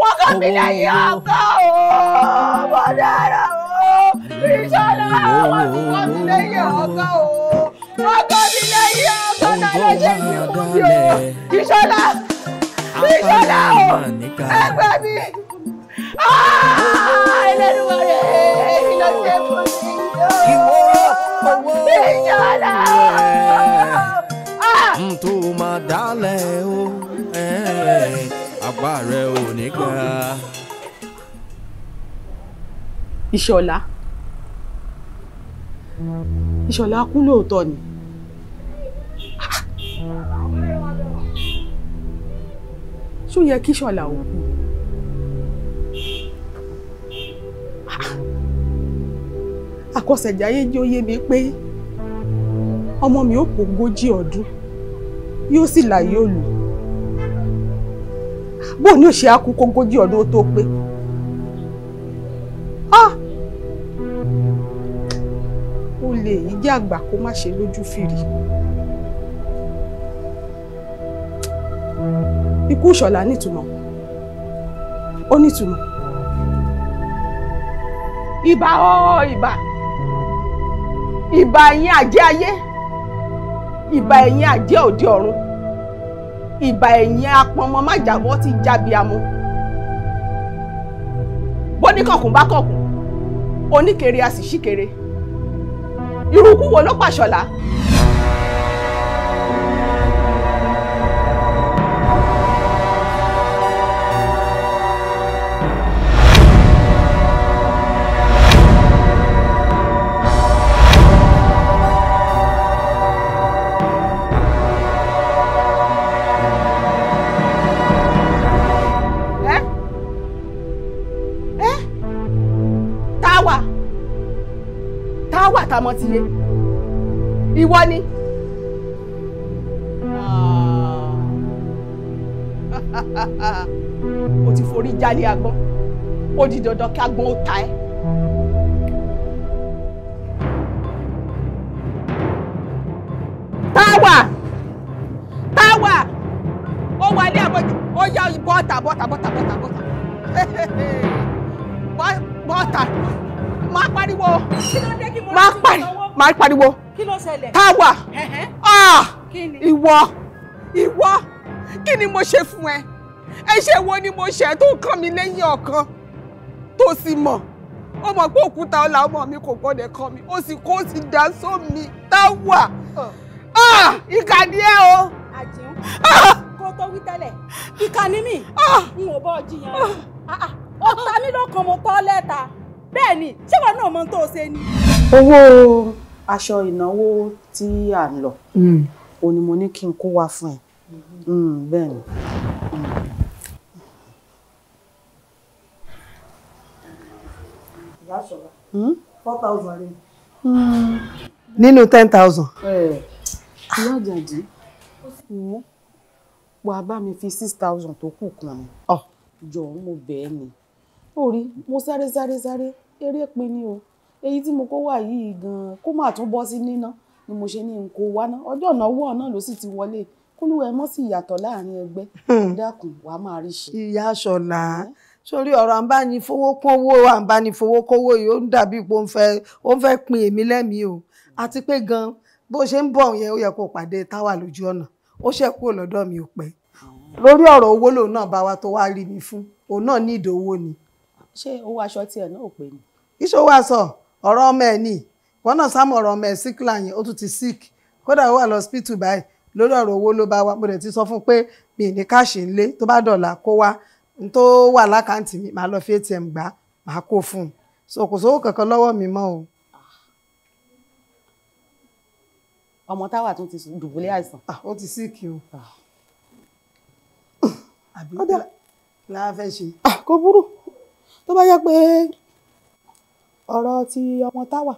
wọ́kọ̀ mi lẹ́yìn ọkọ̀ o mo dára o ìṣọ́nà àwọn tí wọ́n mi lẹ́yìn ọkọ̀ o wọ́kọ̀ mi lẹ́yìn ọkọ̀ náà lẹ́yìn ìkú mi o ìṣọ́nà ìṣọ́nà apá rẹ ò ní gbà. ìṣọ̀lá ìṣọ̀lá kú lóòótọ́ ni. ṣó yẹ kí ṣọlá ò kú àkọsẹ̀jáyé jẹ́ ó mi pé ọmọ mi ó kó ogójì ọdún yóò sì láyé òlù bó ní òṣè akú kógójì ọdún ó tó pé ó lè yí jẹ́ àgbà kó má ṣe lójú fìrí ikú ìṣọ̀lá nítumọ̀ ó nítumọ̀ ìbà ọ ìbà ìbà ẹ̀yin àjẹ́ ayé ìbà ẹ̀yin àjẹ́ òde ọ̀run ìbà ẹ̀yìn apọnmọ májàbọ́ ti jábí amọ́ bóníkànkùn bá kọ̀kùn oníkèrè a sì ṣíkèrè irúkú wo ló pàṣọlá. mọ́ ti yé ìwọ ni. Ah. o ti forí jálé agbọ́n ó di dandan kí agbọ́n ó ta ẹ́. táwa ah! ìwọ ìwọ kí ni mo ṣe fún ẹ ẹ̀ṣẹ̀ wo ni mo ṣẹ̀ tó kàn mí lẹ́yìn ọ̀kan tó sì mọ̀ ó mọ̀ pé òkúta ọlà ọmọ mi kò gbọ́dọ̀ kàn mí ó sì kó sì dá sómi táwa ah! ìkàdí ẹ o. àjẹun ah! kó tó wí tẹ́lẹ̀ ìkànnì mi n ò bọ́ jiyàn ọ̀tá mi ló kàn mo tọ́ lẹ́ta bẹ́ẹ̀ ni ṣé wọn náà mọ tó ṣe ni. owó aṣọ ìnáwó tí à ń lọ mm. òun ni mo ní kí n kó wá fún ẹ mm, bẹ́ẹ̀ ni. four hmm? thousand hmm. rẹ. nínú ten thousand. ìyá àjàdí wo wà á bá mi fi six thousand tó kù kan mi oh. jọ̀ọ́ mo bẹ̀ ẹ́ ni ó rí mo sáré sáré sáré eré pin ni o èyí tí mo kó wà yìí gan-an kó má tún bọ́ sí níná ni mo ṣe ní n kó wá náà ọjọ́ ìnáwó náà ló sì ti wọlé kúlúwẹ mọ́ sí ìyàtọ̀ láàrin ẹgbẹ́ hmm. dákun wàá máa rí ṣe. ìyá ṣọlá sórí ọ̀rọ̀ àǹbánifowókówó àǹbánifowókówó yìí ó ń dàbí pé ó ń fẹ́ ó ń fẹ́ pin èmi lẹ́mìí o àti pé gan bó ṣe ń bọ̀ yẹn ó yẹ kó pàdé táwa lójú ọ̀nà ó ṣe kúrò lọ́dọ̀ mi ò pẹ́ lórí ọ̀rọ̀ owó lòun náà bá wa tó wá rí mi fún òun náà ní ìdòwò ni. ṣé owó aṣọ tiẹ̀ náà ò pè ní. iṣẹ́ owó aṣọ ọ̀rọ̀ ọmọ ẹ̀ wọn náà sá mọ̀ ọ̀rọ̀ ọmọ ẹ̀ sick láyìn ó tún ti sick kódà ó wà lọ hospital báyìí lórí owó ló bá wa ti sọ fún pé mi ní káàṣì ńlé tó bá dọ̀là kó wá n tó wà lákàntì mi màá lọ fi atm gbà màá kó so o. ọmọ táwa tún ti o. ọ̀rọ̀ ti ọmọ táwà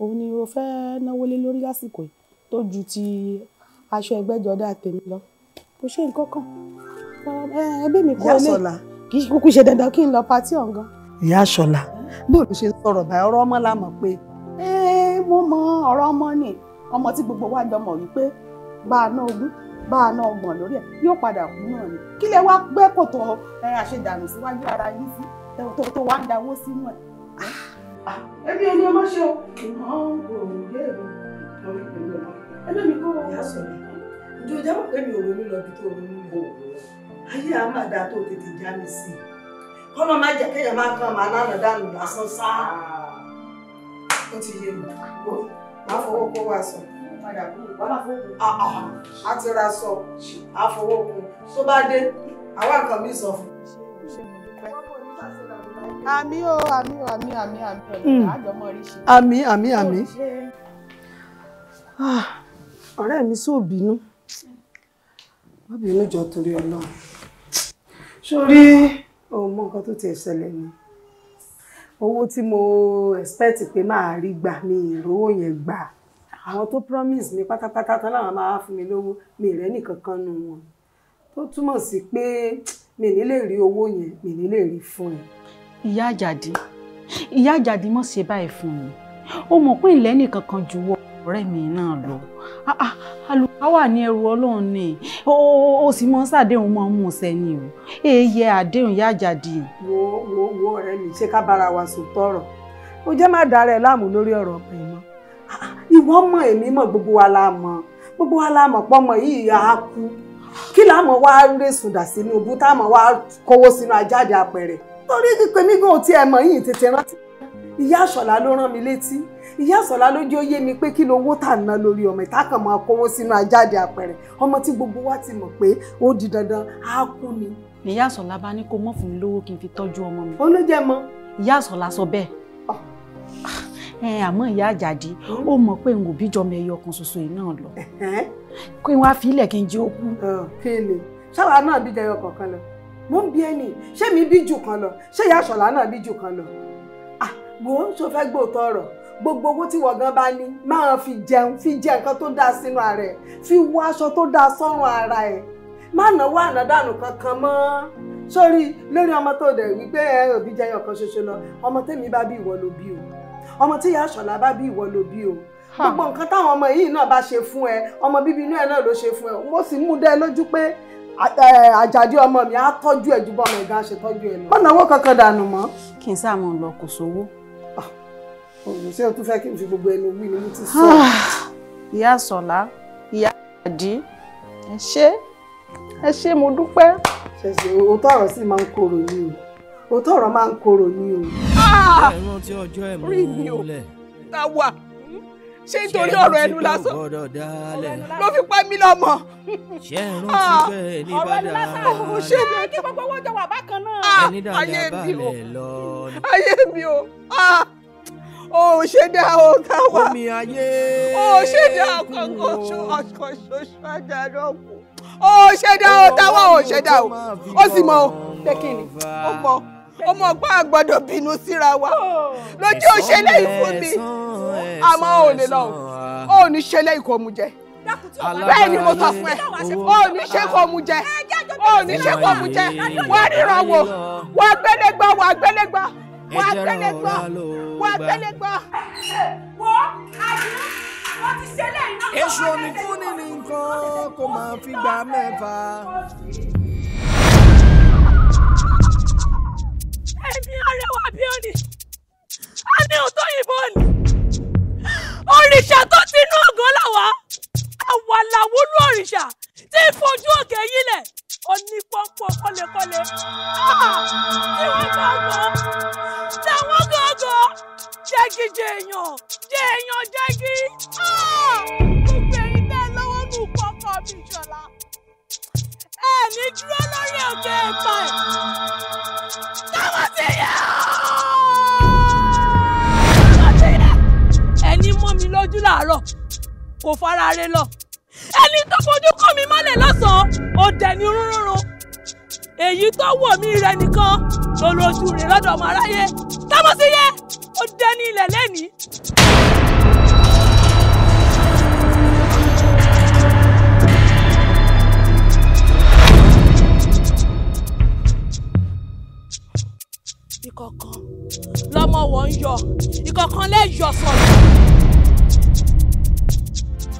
òun ni mo fẹ́ náwó lé lórí lásìkò yìí tó ju ti aṣọ ẹgbẹ́jọdá tèmi lọ kò ṣe nǹkan kan ẹbí mi kọ́ ilé kì í kúkú ṣe dandan kí n lọ patí ọ̀gán. ìyá sọlá bóòlù ṣe sọ̀rọ̀ báyìí ọ̀rọ̀ ọmọ la mọ̀ pé mo mọ ọ̀rọ̀ ọmọ ni ọmọ tí gbogbo wa jọ mọ̀ wípé bá a ná ogún bá a ná ọgbọ̀n lórí ẹ̀ yóò padà kú náà ni kí lè wá gbẹ́ kòtò àṣedànù síwájú ara yín sí tó wá ń dawó sínú ẹ̀ Ah, ẹbí ẹni ọmọ ṣe o ìmọ̀ràn kò yé mi ẹlẹ́mi kó o. ìyá sọ mi ojú ọjà mọ̀ pé mi ò ronú lọ bí tó ronú lọ ayé a máa dáa tó tètè já mi sí i kọ́nà má jẹ́ kéèyàn máa kàn máa lánàá dànù lásán sáà ó ti yé mi máa fọwọ́ kó wa sọ padà kú a ti ra sọ àfọwọ́ kó tó bá dé àwọn nǹkan mi sọ fún un àmì o àmì o àmì àmì àmì àjọmọ hmm. rí ṣe. àmì àmì àmì ah, ọ̀rẹ́ mi sóò bínú má bínú jọ torí ọlọ́run sórí òun mọ nǹkan tó ti ṣẹlẹ̀ ni owó tí mo expect pé máa rí gbà mi ìrówó yẹn gbà àwọn tó promise mi pátápátá tán láwọn máa fún mi lówó mi rẹ́ nìkankan nu wọn tó túmọ̀ sí pé mi ní lè rí owó yẹn mi ní lè rí fún ẹ ìyá àjàdí ìyá àjàdí mọ̀ ṣe báyìí fún mi ó mọ̀ pé ìlẹ́ nìkan kan ju wọ ọ̀rẹ́ mi náà lọ ah, ah, àlùkà wà ní ẹrù ọlọ́run ni ó sì mọ́ sàdéhùn mọ́ mú sẹ́ni o èyẹ àdéhùn ìyá àjàdí. wo wo wo ọ̀rẹ́ mi ṣé ká bára wa sùn tọrọ ó jẹ́ má dára ẹ̀ láàmú lórí ọ̀rọ̀ ọ̀pẹ̀ mọ́ ah, ìwọ mọ̀ èmi mọ̀ gbogbo wa la mọ̀ gbogbo wa la mọ̀ pọ́mọ yìí á kú kí làá mọ̀ wá rèsùn dà sínú ibú táà mọ̀ kówó sínú ajáde apẹ̀rẹ̀ torí pé mi gan ò tiẹ̀ mọ̀ yìí tètè rántí ìyá àṣọlá ló rán mi létí ìyá àṣọlá ló jẹ́ ó yé mi pé kí lowó tà ná lórí ọmọ ìta kan máa kówó sínú ajáde àpẹẹrẹ ọmọ tí gbogbo wa ti mọ̀ pé ó di dandan á kú ni. ìyá àṣọlá bá ní kó mọ̀ fún mi lówó kí n fi tọ́jú ọmọ mi. ó ló jẹ́ mọ́. ìyá àṣọlá sọ bẹ́ẹ̀ ah. ẹ àmọ́ ìyá àjàdí ó mọ̀ pé n ò bíjọ ọmọ ẹyọ kan ṣoṣo yìí náà lọ kí n wá fi ilẹ̀ kí n jẹ́ ó ah, kí ni ṣáwa náà bíjọ ẹyọ kọ̀ọ̀kan lọ mo ń bi ẹni ṣé mi bí jù kan lọ ṣé ìyá àṣọlá náà bí jù kan lọ ah mo ń sọ fẹ́ gbòòtọ́ ọ̀rọ̀ gbogbo owó tí wọ̀gán bá ní máa fi jẹun fi jẹ nǹkan tó dáa sínú ara ẹ̀ fi wọ aṣọ tó dáa sọ́run ara ẹ̀ má náwó ànádànù kankan mọ́ sórí lórí ọmọ tó dẹ̀ wípé ẹ òbí jẹyàn kan ṣoṣo lọ ọmọ tèmi bá bí ìwọ ló bí o ọmọ tí ìyá àṣọlá bá bí ìwọ ló bí o gbogbo nǹkan táwọn ọmọ yìí náà bá ṣe fún ẹ ọmọ bíbí inú ẹ náà ló ṣe fún ẹ mo sì mú dẹ lójú pé àjàdí ọmọ mi á tọ́jú ẹ̀ ju bọ́ ọmọ ìgbà ṣe tọ́jú ẹ̀ lọ. bọ́nà owó kankan dànù mọ́. kí n sáà mọ̀ lọ kò sówó. Ah, òun ṣé o tún fẹ́ kí n fi gbogbo ẹnu wí ni mo ti sọ. Ah, ìyá sọ̀lá ìyá àdí ẹ ṣé ẹ ṣé mo dúpẹ́. ṣèṣe òótọ́ ọ̀rọ̀ sì máa ń korò ni o òótọ́ ọ̀rọ̀ máa ń korò ni o. Ah! rí mi ò táwa ṣé nítorí ọ̀rọ̀ ẹnu lásán ló fi pẹ́ mí lọ́mọ. Ah, ọ̀rọ̀ ẹnu lásán ò ṣe mí. Ah, kí gbogbo owó jọ wà bákan náà. Ah, ayé mi o ayé mi o o ò ṣe dá o ká wá o ò ṣe dá ọkàn kan ṣoṣo àjàdọ̀ kù o ò ṣe dá o táwa ò ṣe dá o ó sì mọ o pé kí ni ó mọ ọmọ ọgbọ́n àgbọ̀dọ̀ bínú síra wa oh. lójú ó ṣe lẹ́yìn fún mi àmọ́ ò lè lọ ò ní ṣe lẹ́yìn kò mú jẹ bẹ́ẹ̀ ni mo sọ fún ẹ ò ní ṣe kò mú jẹ ò ní ṣe kò mú jẹ wà á ríran wò wà á gbẹ́lẹ́gbà wà á gbẹ́lẹ́gbà wà á gbẹ́lẹ́gbà wà á gbẹ́lẹ́gbà. wo àdúrà wọ́n ti ṣe lẹ́yìn náà. èso omi fún ni nǹkan kó máa fi gbà mẹ́fà. èmi arẹwà Bíọ́nì àníhùn tó yìnbọn ni òrìṣà tó ti inú ọ̀gán làwà àwa làwúlú òrìṣà tí ń fojú òkè yílẹ̀ onípọ́npọ́ kọ́lékọ́lé ah, tí wọ́n bá gbọ́ táwọn gọ́gọ́ jẹ́gi jẹ èèyàn jẹ èèyàn jẹ́gi ah, gbogbo èyí tẹ́ lọ́wọ́ nù pọ́pọ́ bíjọ́lá ẹ̀mí dúró lórí òkè ẹ̀pà ẹ̀. táwọn ti yẹ ọ́ ti yẹ. ẹni mọ́ mi lójú làárọ̀ kò fara re lọ ẹni tó fojú kọ́ mi mọ́lẹ̀ lọ́sàn-án ó dẹ̀ ní rúnrún èyí tó wò mí rẹ nìkan ló lójú rẹ lọ́dọ̀ ọmọ aráyé táwọn ti yẹ ó dẹ́ ní ilẹ̀ lẹ́nìí. ìkọ̀kan lọ́mọ wọn ń yọ ìkọ̀kan lẹ́yọ̀ sọ̀rọ̀.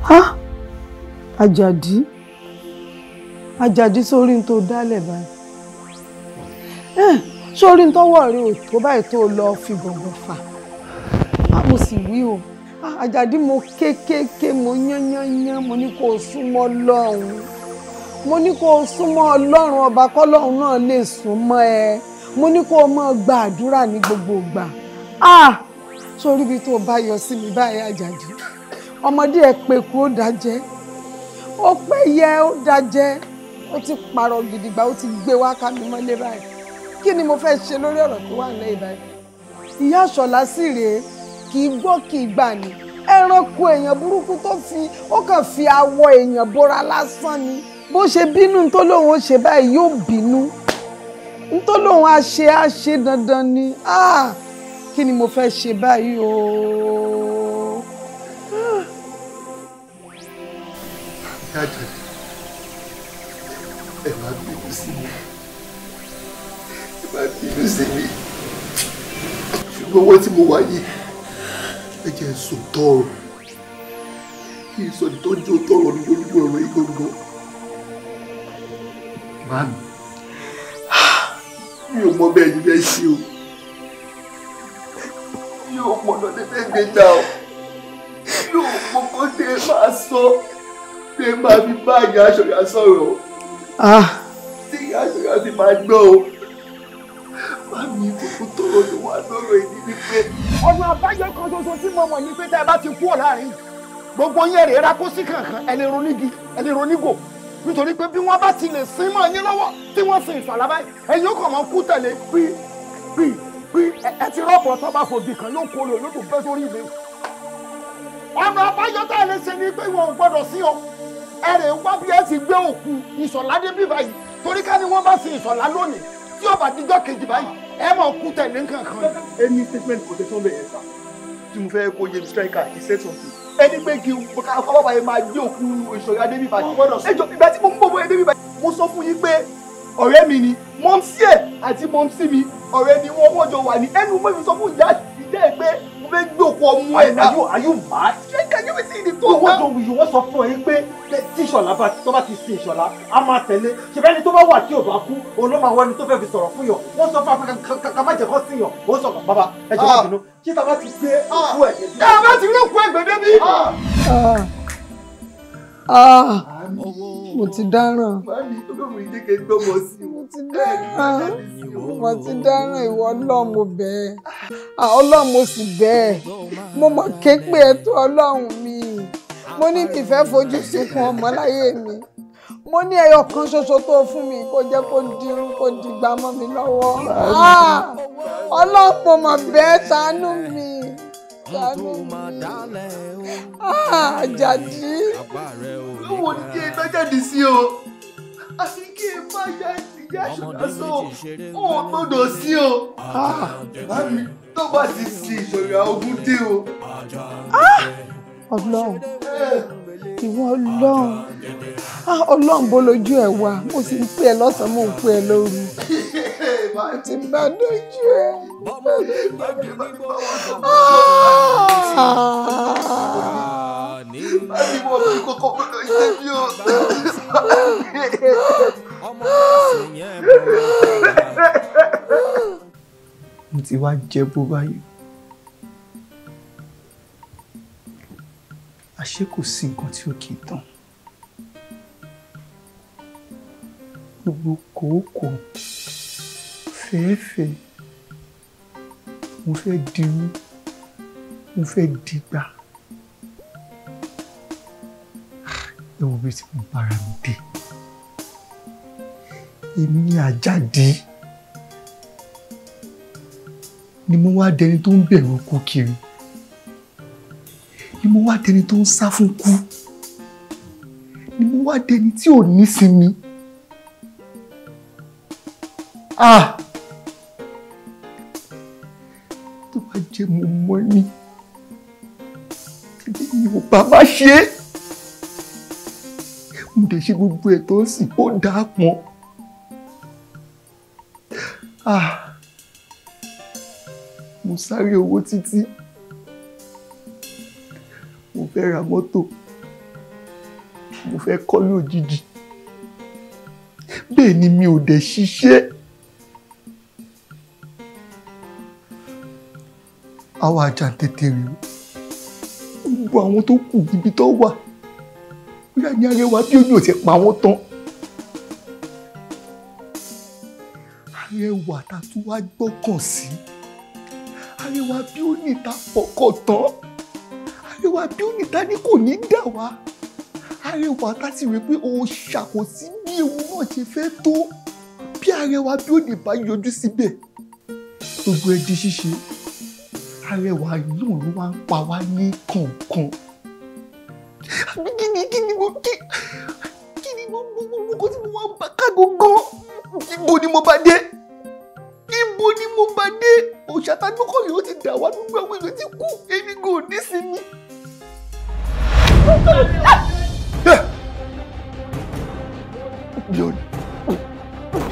ha àjàdí àjàdí sórí ní tó dálẹ̀ báyìí sórí ní tọ́wọ́ rẹ ò tó báyìí tó lọ fi gbọ̀ngàn fà mo sì wí o àjàdí mo kékéké mo yányányán mo ní kó o súnmọ́ lọ́hùn-ún mo ní kó o súnmọ́ ọlọ́run ọba kọ́lọ́run náà lè súnmọ́ ẹ. E mo ní kó o máa gba ní gbogbo ìgbà ah sórí ibi tó o bá yọ sí mi báyìí àjàjì ọmọdé ẹ pẹ̀kú ó dájẹ́ ó pẹ́ yẹ ó dájẹ́ ó ti parọ́ gidigba ó ti gbé wá ká mi mọ́lé báyìí kí ni mo fẹ́ ṣe lórí ọ̀rọ̀ tó wà nílẹ̀ ìbáyìí ìyá àṣọlá sì rèé kì í gbọ́ kì í gbà ní ẹranko èèyàn burúkú tó fi ó kàn fi awọ èèyàn bora lásán ni bó ṣe bínú tó lóun ó ṣe báyìí yóò bínú n tó lóun á ṣe á ṣe dandan ni ah, kí ni mo fẹ́ ṣe báyìí o. dájú ẹ má bínú sí mi ẹ má bínú sí mi ṣùgbọ́n owó tí mo wá yìí ẹ jẹ́ sùn tọrọ kí n sọ ìtọ́jú tọrọ ní gbogbo ọ̀rọ̀ yìí gbogbo. Mami mi ò mọ bẹ́ẹ̀ ni bẹ́ẹ̀ ṣe o mi ò mọ ọ̀nà tẹ́tẹ́ gbé gbà o mi ò mọ kó tẹ́ máa sọ tẹ́ máa fi bá ìyá aṣọ̀yà sọ̀rọ̀ ah. tí ìyá aṣọ̀yà fi máa gbọ́ o má mi kókó tọrọ ló wà lọ́rọ̀ èyí ni pé. ọ̀nà àbáyọ kan ṣoṣo tí mo mọ̀ ní pé tá a bá ti kú ọ̀ láàrin gbogbo yẹn rèé rákó sí kankan ẹ lè ronú igi ẹ lè ronú gò nítorí pé bí wọ́n bá ti lè sin mọ́ yín lọ́wọ́ tí wọ́n sin ìṣọ̀lá báyìí ẹ̀yin ó kàn máa kú tẹ̀lé pí pí pí ẹ ti rọ́ọ̀bù tó bá fòbì kan yóò kó lò lóògùn bẹ́ sórí ìlú. ọ̀nà àbáyọ tá a lè ṣe ni pé wọn ò gbọ́dọ̀ sí ọ ẹ rè wá bí ẹ ti gbé òkú ìṣọ̀lá dé bí báyìí torí ká ní wọ́n bá sin ìṣọ̀lá lónìí tí ó bá díjọ́ kejì báyìí ẹ máa kú tẹ̀lé nǹkan kan. ẹni statement kò tẹ́ sọ́ọ́ bẹ̀rẹ̀ sá tí mo fẹ́ kó yé mi striker he said something ẹni pé kí ọlọ́pàá yẹn máa gbé òkú ìṣòro adébíbá ẹjọ́ ìgbà tí mo ń bọ̀wọ̀ adébíbá mo sọ fún yín pé ọ̀rẹ́ mi ni mọ̀mísí ẹ̀ àti mọ̀mísí mi ọ̀rẹ́ ni wọ́n wọ́jọ wà ní ẹnu mọ́ ìfisọ́ fún ìyá ìjẹ́ pé mo fẹ́ gbé òkú ọmú ẹ̀ náà. are you mad. ṣé can you be seeing the phone now. ìwọ́n tó ìwọ́n sọ fún ẹ yín pé tí ìṣọ̀lá bá tó bá ti sin ìṣọ̀lá a máa tẹ̀lé ṣùgbọ́n ẹni tó bá wà tí ò bá kú òun ló máa wọ ẹni tó fẹ́ fi sọ̀rọ̀ fún yàn wọ́n sọ fún akẹ́kọ̀ọ́ ká má jẹ́ kó sìn yàn òun sọ bàbá ẹ jẹ́ kó bínú kí tá a bá ti gbé òkú ẹ̀ débi. tá a bá ti rí òkú ẹ̀ gbé débi mo ti dáràn. màmí olóòmù yìí kékeré gbọ́mọ sí i. mo ti dáràn mo ti dáràn ìwọ ọlọ́run mo bẹ́ẹ̀ ọlọ́run mo sì bẹ́ẹ̀ mo mọ̀ ké pé ẹ tó ọlọ́run mi mo ní mi fẹ́ fojú sunkún ọmọ láyé mi mo ní ẹyọ kan ṣoṣo tó fún mi kó jẹ́ kó dirun kó dìgbà mọ́ mi lọ́wọ́ ọlọ́run mo mọ̀ bẹ́ẹ̀ ṣàánú mi sànú mi ah, àjàdí. lówó ni kí ẹ jáde sí o àfi kí ẹ bá yá ìyá aṣọ ò gbọ́dọ̀ sí o báyìí ah, tó bá ti sin ìṣòro àwọn ogún dé o. Ah! ọlọ́run. Eh ìwọ ọlọ́run ah, ọlọ́run bó lójú ẹ̀ wá mo sì ń pè ẹ́ lọ́sàn-án mo ń pè ẹ́ lóru mo ti bá lójú ẹ̀. Ah! mo ti wá jẹ́ bó báyìí. àṣé kò sí nǹkan tí ó kì í tán gbogbo kòókò fẹ́ẹ́fẹ́ mo fẹ́ dirú mo fẹ́ digba ẹ wo bí tí mo bára mi dé èmi àjáde ni mo wá dẹni tó ń bẹ̀rù kú kiri ni mo wá dẹni tó ń sá fún kú ni mo wá dẹni tí ò nísinmi ah tó bá jẹ́ mo mọ̀ ni èmi ò bá má ṣe mo dẹ̀ ṣe gbogbo ẹ̀ tó ń sìn ó dáa pọn ah mo sáré owó títí mo fẹ́ ra mọ́tò mo fẹ́ kọ́lé òjijì bẹ́ẹ̀ ni mi ò dẹ̀ ṣiṣẹ́. àwọn àjàǹtẹ̀tẹ̀ rèé gbogbo àwọn tó kù ibi tó wà bóyá ní arẹwà bí ojú ò pa wọ́n tán. arẹwà tá a tún wá gbọ́kàn sí arẹwà bí ó ní ìta fọkàn tán ìwà bí ó nìta ni kò ní dà wá arẹwà láti rí pé o ṣàkóso bí ewu náà ṣe fẹ́ tó bí arẹwà bí ó nìbá yọjú síbẹ̀ gbogbo ẹ di ṣíṣe arẹwà yóò ló wá ń pa wá ní kọ̀ọ̀kan àbí kí ni kí ni mo kí kí ni mo mo mo kó tí mo wá ń bá kágo ibo ni mo bá dé ibo ni mo bá dé òṣàtàgbọ́kọ̀ yìí ó ti dà wá gbogbo àwọn èèyàn ti kú èmi kò ní sinmi. Yori.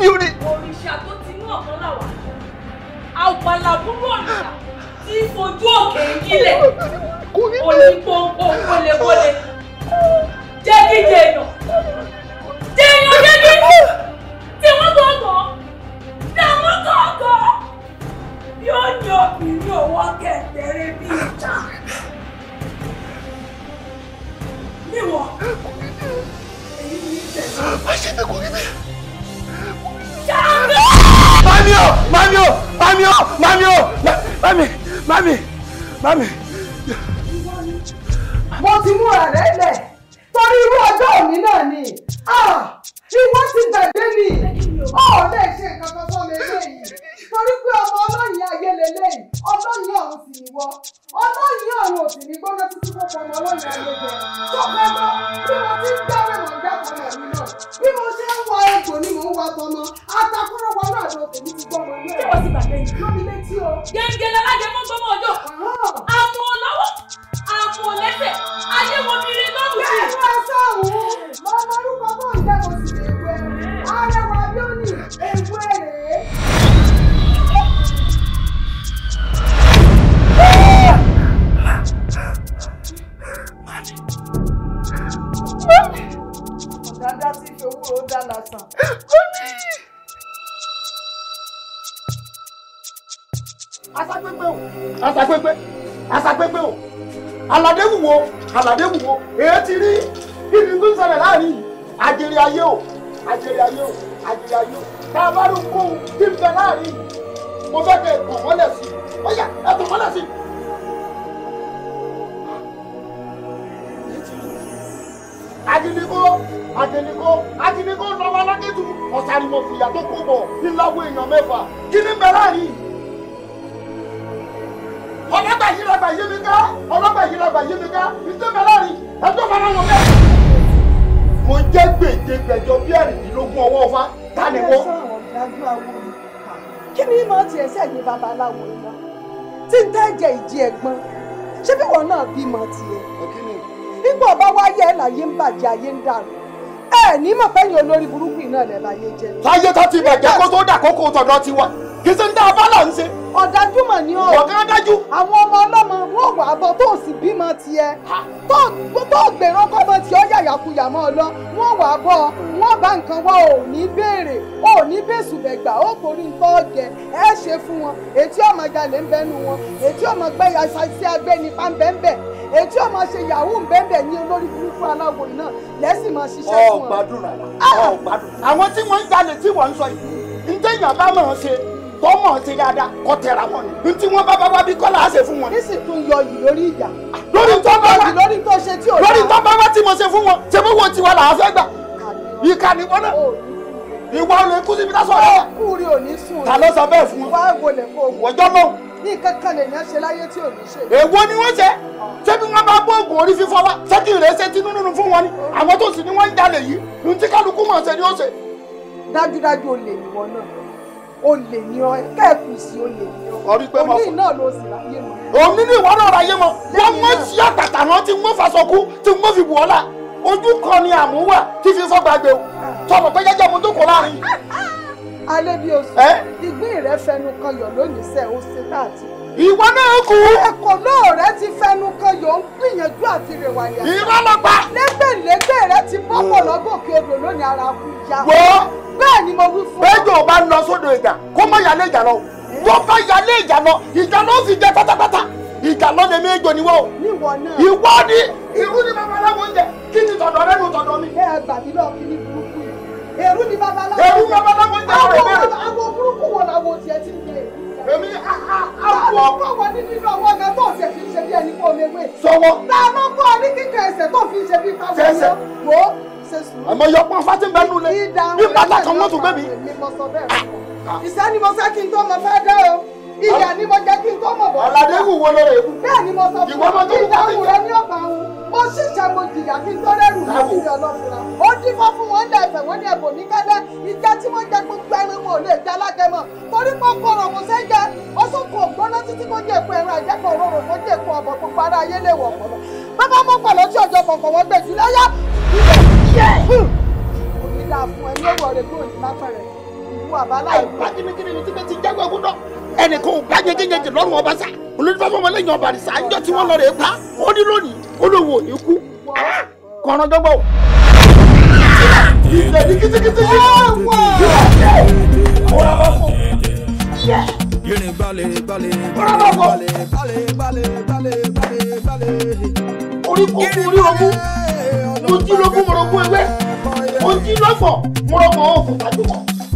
Yori. Òrìṣà tó ti mú ọ̀kan làwà. Àgbàlá búrú òrìṣà tí fojú òkè ìkílẹ̀. Onípòǹpò kólekóle. Jẹ́ kíjẹ èèyàn. Jẹ́ èèyàn jẹ́ kíjẹ. Tí wọ́n bọ̀ kọ́. Tí wọ́n kọ́ ìwọ èyí ni ìtẹ̀sán. má ṣe fẹ́ kó rí mi. mami o mami o mami o mami o mami mami mami. mo ti mú ọ̀rẹ́ lẹ̀ torí irú ọjọ́ òní náà ni ah, ìwọ ti gbàgbé mi ọ̀ọ́ torí pé ọmọ ọlọ́yin ayé lélẹ́yìn ọlọ́yin ọ̀run sì ní wọ́ ọlọ́yin ọ̀run ò sì ní gbóná títí kó ọmọ ọlọ́yin ayé jẹ tọ́pẹ́ bí mo ti ń gbẹ́rẹ̀ mọ̀ já tọmọ mi náà bí mo ṣe ń wa egbò ni mò ń wa tọmọ atakúrò wọn náà ló tèmi ti gbọ́ wọn náà. ṣé wọ́n ti létí o. gẹ́gẹ́lẹ́ alájẹ mọ́ gbọ́mọ ọjọ́ àmọ́ lọ́wọ́ àmọ́ lẹ́sẹ̀ ayé wọn mi rí lọ́rùn sí. bẹ́ẹ̀ ni ẹ òun lọ́mọ orúkọ bọ́ọ̀ jẹ́ kò sì lè wẹ̀ ara Dada ti fi owó dá lásán. Ó ní. Asapẹ́pẹ́ o. Asapẹ́pẹ́. Asapẹ́pẹ́ o. Àlàdé wùwo. Àlàdé wùwo. Èyí ti rí ibi tó ń ṣẹlẹ̀ láàrin yìí. Àjèrè ayé o. Àjèrè ayé o. Àjèrè ayé o. Tá a ajínigbó ajínigbó ajínigbó lọ́wọ́ alákẹ́tù ọ̀sàrìmọ̀ fìyà tó kó bọ̀ níláwó èèyàn mẹ́fà kí ni bẹ́ẹ̀ láàrin ọlọ́gbà yìí lọ́gbà yìí mi ká ọlọ́gbà yìí lọ́gbà yìí mi ká ìṣe bẹ́ẹ̀ láàrin ẹjọ́ fara wọn bẹ́ẹ̀. mo jẹ́ gbèdégbèjọ bí ẹ̀rìndínlógún ọwọ́ ọfá ta ni wọ́n. kí ni ìmọ̀ tiẹ̀ sẹ́yìn babaláwo iná tí ń tẹ́ jẹ ìjì ẹ̀gbọ́n ṣé bí wọn náà bímọ tiẹ̀. ọkì ni nígbà ọba wáyé ẹ̀ láyé ń bàjẹ́ ayé ń dàrú ẹ̀ ní mọ̀ fẹ́yìn olórí burúkú iná ẹ̀ láyé jẹ́. láyé tó ti bàjẹ́ kó tó dà kókó tọ̀dọ̀ ti wà kì í ṣe ń dá abala ń ṣe. ọ̀dájú mọ̀ ni o. ọ̀gá dájú. àwọn ọmọ ọlọ́mọ wọn wà bọ̀ tó sì bímọ tiẹ̀. tó gbèrò kọ́mọ tí ó yàyàkuyà mọ́ ọ lọ wọn wà bọ̀ wọn bá nǹkan wá ò ní béèrè ò ní bẹ́sùbẹ̀gbà ó borí nǹkan ọ̀gẹ̀ ẹ ṣe fún wọn ètí ọmọ jalè ń bẹnu wọn ètí ọmọ gbẹ́yà sí agbẹ́nipa ń bẹ́ńbẹ́ ètí ọmọ ṣe yahoo bẹ́ẹ̀bẹ̀ ní olórí burúkú aláwo iná lẹ́sìn máa ṣiṣẹ́ fún ọ. ọgbàdúrà ọgbàdúrà. àwọn tí wọ́n ń jalè tí wọ́n ń sọ yìí ǹjẹ́ èèyàn bá mọ̀ ọ́n ṣe tó mọ̀ ọ́n ṣe dáadáa kọ́ tẹ̀ra wọn ni ntí wọ́n bá bá wá bí kọ́lá á ṣe fún wọn. nísì tún yọ yìí lórí ìjà. Ah! lórí tó bá wá lórí tó ṣe tí ò lórí tó bá wá tí mo ṣe fún wọn ṣe fún wọn tiwa là á fẹ́ gbà. ìkànnì wọn náà ìwà olè kú síbi tá a sọ rẹ. ọkùnrin ò ní sùn. ta ló sọ bẹ́ẹ̀ fún wọn. wá wọlé fún wọn. wọ́jọ́ náà nǹkan kan lè ní ṣe láyé tí ò ní ṣe. èwo ni wọ́n ṣe ṣé bí wọ́n bá gbọ́ oògùn orí fífọ́ wá ṣé kí ìrẹ́ ṣe tinú nínú fún wọn ni àwọn tó sì ní wọ́n ń jalè yìí ní tí kálukú mọ̀ ṣe ni ó ṣe. dájúdájú olè ìwọ náà olè ni ọ kẹ́ẹ̀kùn sí olè ni ọ omi náà ló sì ráyè mọ. ní ìwọ náà ráyè mọ wọn mọ sí àtàtà náà tí wọn fa sọkú tí wọn fi bù ọ la ojú kan ni àmúwà tí fífọ́ gbàgbé o ah. alẹ́ bí oṣù ìgbín rẹ fẹnu kan yọ lónìí sẹ́ o ṣe láti. ìwọ náà kú. ẹ̀kọ́ náà rẹ ti fẹnu kan yọ ń gbìyànjú àti rẹwà yàtọ̀. ìwọ lọ pa. lẹ́gbẹ̀lẹ́gbẹ̀ rẹ ti bọ́pọ̀ mm. lọ́gòkè odò lónìí ara kú ya. wọ́ bẹ́ẹ̀ ni mo wí fún ọ. péjọ bá lọ sódò ìjà kó má yálé ìjà lọ wọ́n bá yálé ìjà lọ ìjà lọ sì jẹ pátápátá ìjà lọ lè méjọ ni wọ́n. níwọ náà. ìwọ ni irú ni babaláwo ń jẹ kí ni tọ̀dọ̀ rẹ nu tọ̀dọ̀ mi. ẹ gbàgbé lọ kí ni èrú ni babaláwo. èrú babaláwo ń jáwé bẹ́ẹ̀. àwọn burúkú wo làwọn tiẹ̀ ti ń gbé. èmi àwọn. ta ló kọ́ wọ ní nínú ọwọ́ gan tó ṣe fi ń ṣe bí ẹni kó mewé. sọwọ́. ta ló kọ́ ní kíkọ ẹsẹ̀ tó fi ń ṣe bí pàwọ́. ṣẹṣẹ wo ṣe sùn. àmọ́ yọ pọn fati bẹ́ẹ̀ nulẹ̀ bí bàtà kan mọ́tò gbẹ̀mí. Ah, ah. ìṣẹ́ ni mo sẹ́ tó mọ fẹ́ dẹ́ o ìyá ni mo jẹ́ kí n tó mọ̀ bọ́. àlàdé wù wo lọ́rọ̀ èkú. bẹ́ẹ̀ ni mo sọ fún ọ kí ìdáhùn rẹ ní ọ̀gbà òun mo ṣiṣẹ́ mo jìyà kí n tó rẹ́rù mi sí ilé ọlọ́fura. ó dífọ́ fún wọn dẹ̀ ẹ̀fẹ̀ wọ́n ní ẹ̀bùn mi kẹ́lẹ́ ìjẹ́ tí wọ́n jẹ gbogbo ẹran wọn lè jẹ alágẹmọ torí pọ́ kọ̀rọ̀ kò ṣe jẹ ọsùn kò gbóná títí kó jẹ́ èpo ẹran àjẹpọ̀ òróró kó jẹ́ èpo ọ̀bọ̀ gbogbo ara ayé lè wọ̀ gbogbo ẹnìkan ò gbá yẹngẹyẹngẹ ọba sá olùdífàmọ́ ọmọlẹ́yìn ọba àdìsá níjọ́ tí wọ́n lọ rẹ̀ pa ó ní lónìí olówó ò ní kú kọ̀ọ̀rọ̀ dọ́gbọ̀. yìnyín balẹ̀ balẹ̀ balẹ̀ balẹ̀ balẹ̀ balẹ̀ balẹ̀ balẹ̀. orí kò kú orí ogún ojú lógún mọ̀rọ̀gún ewé ojú lọ́fọ̀ mọ̀rọ̀gún ọ̀fọ̀ pàjùmọ̀.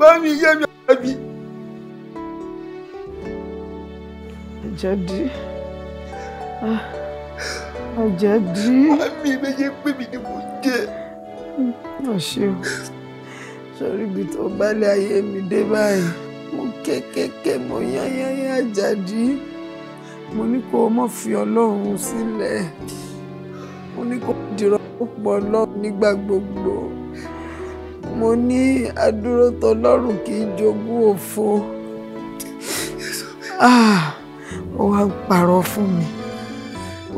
Mami, yé mi àbí. àjẹdí àjẹdí. Ah, ah, mọ́mí méje pé mi ni mo jẹ. má ṣe o sórí ibi tó gbálẹ̀ ayé mi dé báyìí mo kékèké mo yányányá àjàdí mo ní kó o mọ̀ fi ọlọ́run sílẹ̀ mo ní kó o dìrọ̀ púpọ̀ ọlọ́run nígbà gbogbo mo ní adúrótọ lọ́rùn kì í jogún òfo ah, ó wá ń parọ́ fún mi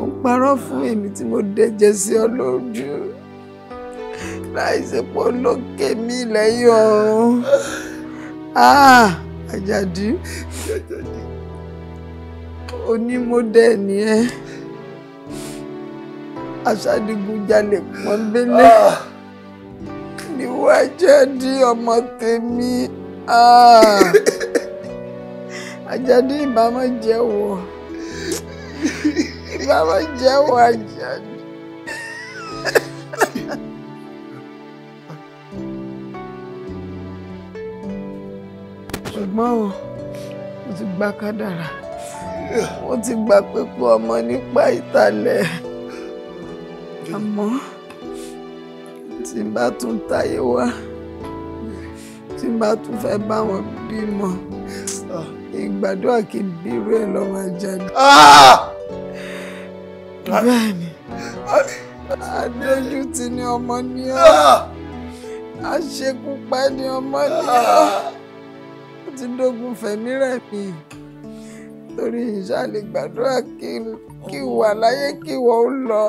ó ń parọ́ fún èmi tí mo dẹ̀jẹ̀ sí ọ lójú láìsí lókè mi lẹ́yìn ọ̀run ah, àjàdí onímọ̀dẹ̀ ni ẹ́ aṣádigunjalè pọ́nbélé. Ah ni wá Àjàdí ọmọ tèmi Àjàdí ìbámu jẹ́wọ́ ìbámu jẹ́wọ́ Àjàdí. ṣùgbọ́n o mo ti gba kádàrà mo ti gba pípọ̀ ọmọ nípa ìtàlẹ̀ àmọ́ tí n bá tún táyé wá tí n bá tún fẹ́ bá wọn bímọ ìgbàdúrà kí n bírú ẹ̀ lọ́mọ jáde. Ah! bẹ́ẹ̀ni adójútì ah! ni ọmọ ní ọ àṣekúpa ni ọmọ ní ọ ó ti dógun fẹ̀mí rẹ̀ pè torí ìṣàlè gbàdúrà kí wà láyé kí wọ́n ó lọ.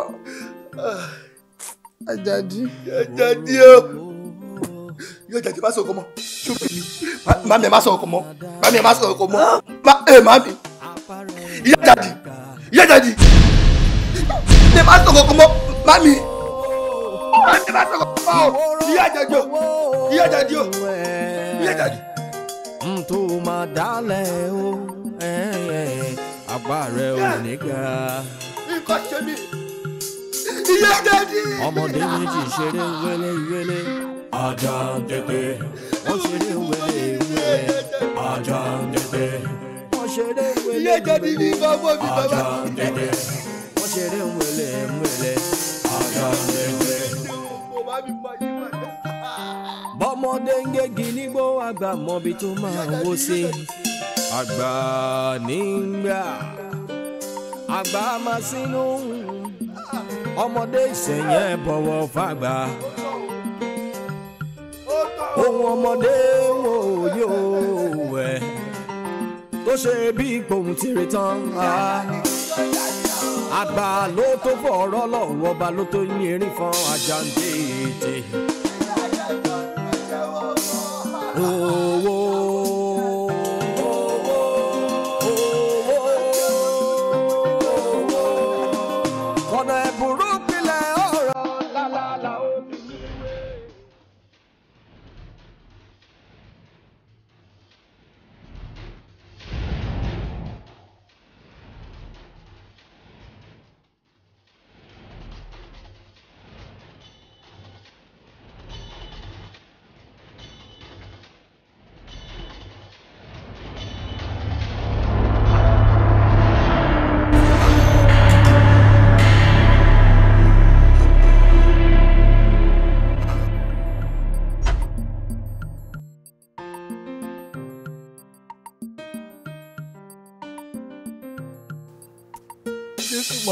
Ah! Àjàdí. Àjàdí o. Yóò jàdí má sọ ọkọ mọ́. Ṣókè mi. Màmí ẹ má sọ ọkọ mọ́. Màmí ẹ má sọ ọkọ mọ́. Má ẹ màmí. Ìyá Àjàdí. Ìyá Àjàdí. Màmí ẹ má sọ ọkọ mọ́. Màmí. Màmí ẹ má sọ ọkọ mọ́. Ìyá Àjàdí o. Ìyá Àjàdí o. Ìyá Àjàdí. Ntò máa dálẹ̀ o, àgbà rẹ̀ ò ní ga. Nǹkan ṣe mí ti yé dẹ́dí. ọmọdé méjì ṣeré wẹ́lẹ́ wẹ́lẹ́. ajá ń tètè. wọ́n ṣeré wẹ́lẹ́ wẹ́lẹ́. ajá ń tètè. wọ́n ṣeré wẹ́lẹ́ wẹ́lẹ́. iye dẹ́dí ní bàbá mi bàbá. ajá ń tètè. wọ́n ṣeré wẹ́lẹ́ wẹ́lẹ́. ajá ń tètè. bọ́mọdé ń gégi nígbó àgbà mọ́bi tó máa wó sí. àgbà nígbà àgbà máa sínú ọmọdé ìsẹ̀yìn ẹ̀ bọ̀wọ̀ fàgbà ohun ọmọdé wo yóò wẹ̀ tó ṣe bí gbohùn tìrì tán àgbà ló tó fọ̀rọ̀ lọ́wọ́ ọba ló tó yín erin fún ajá ń owó.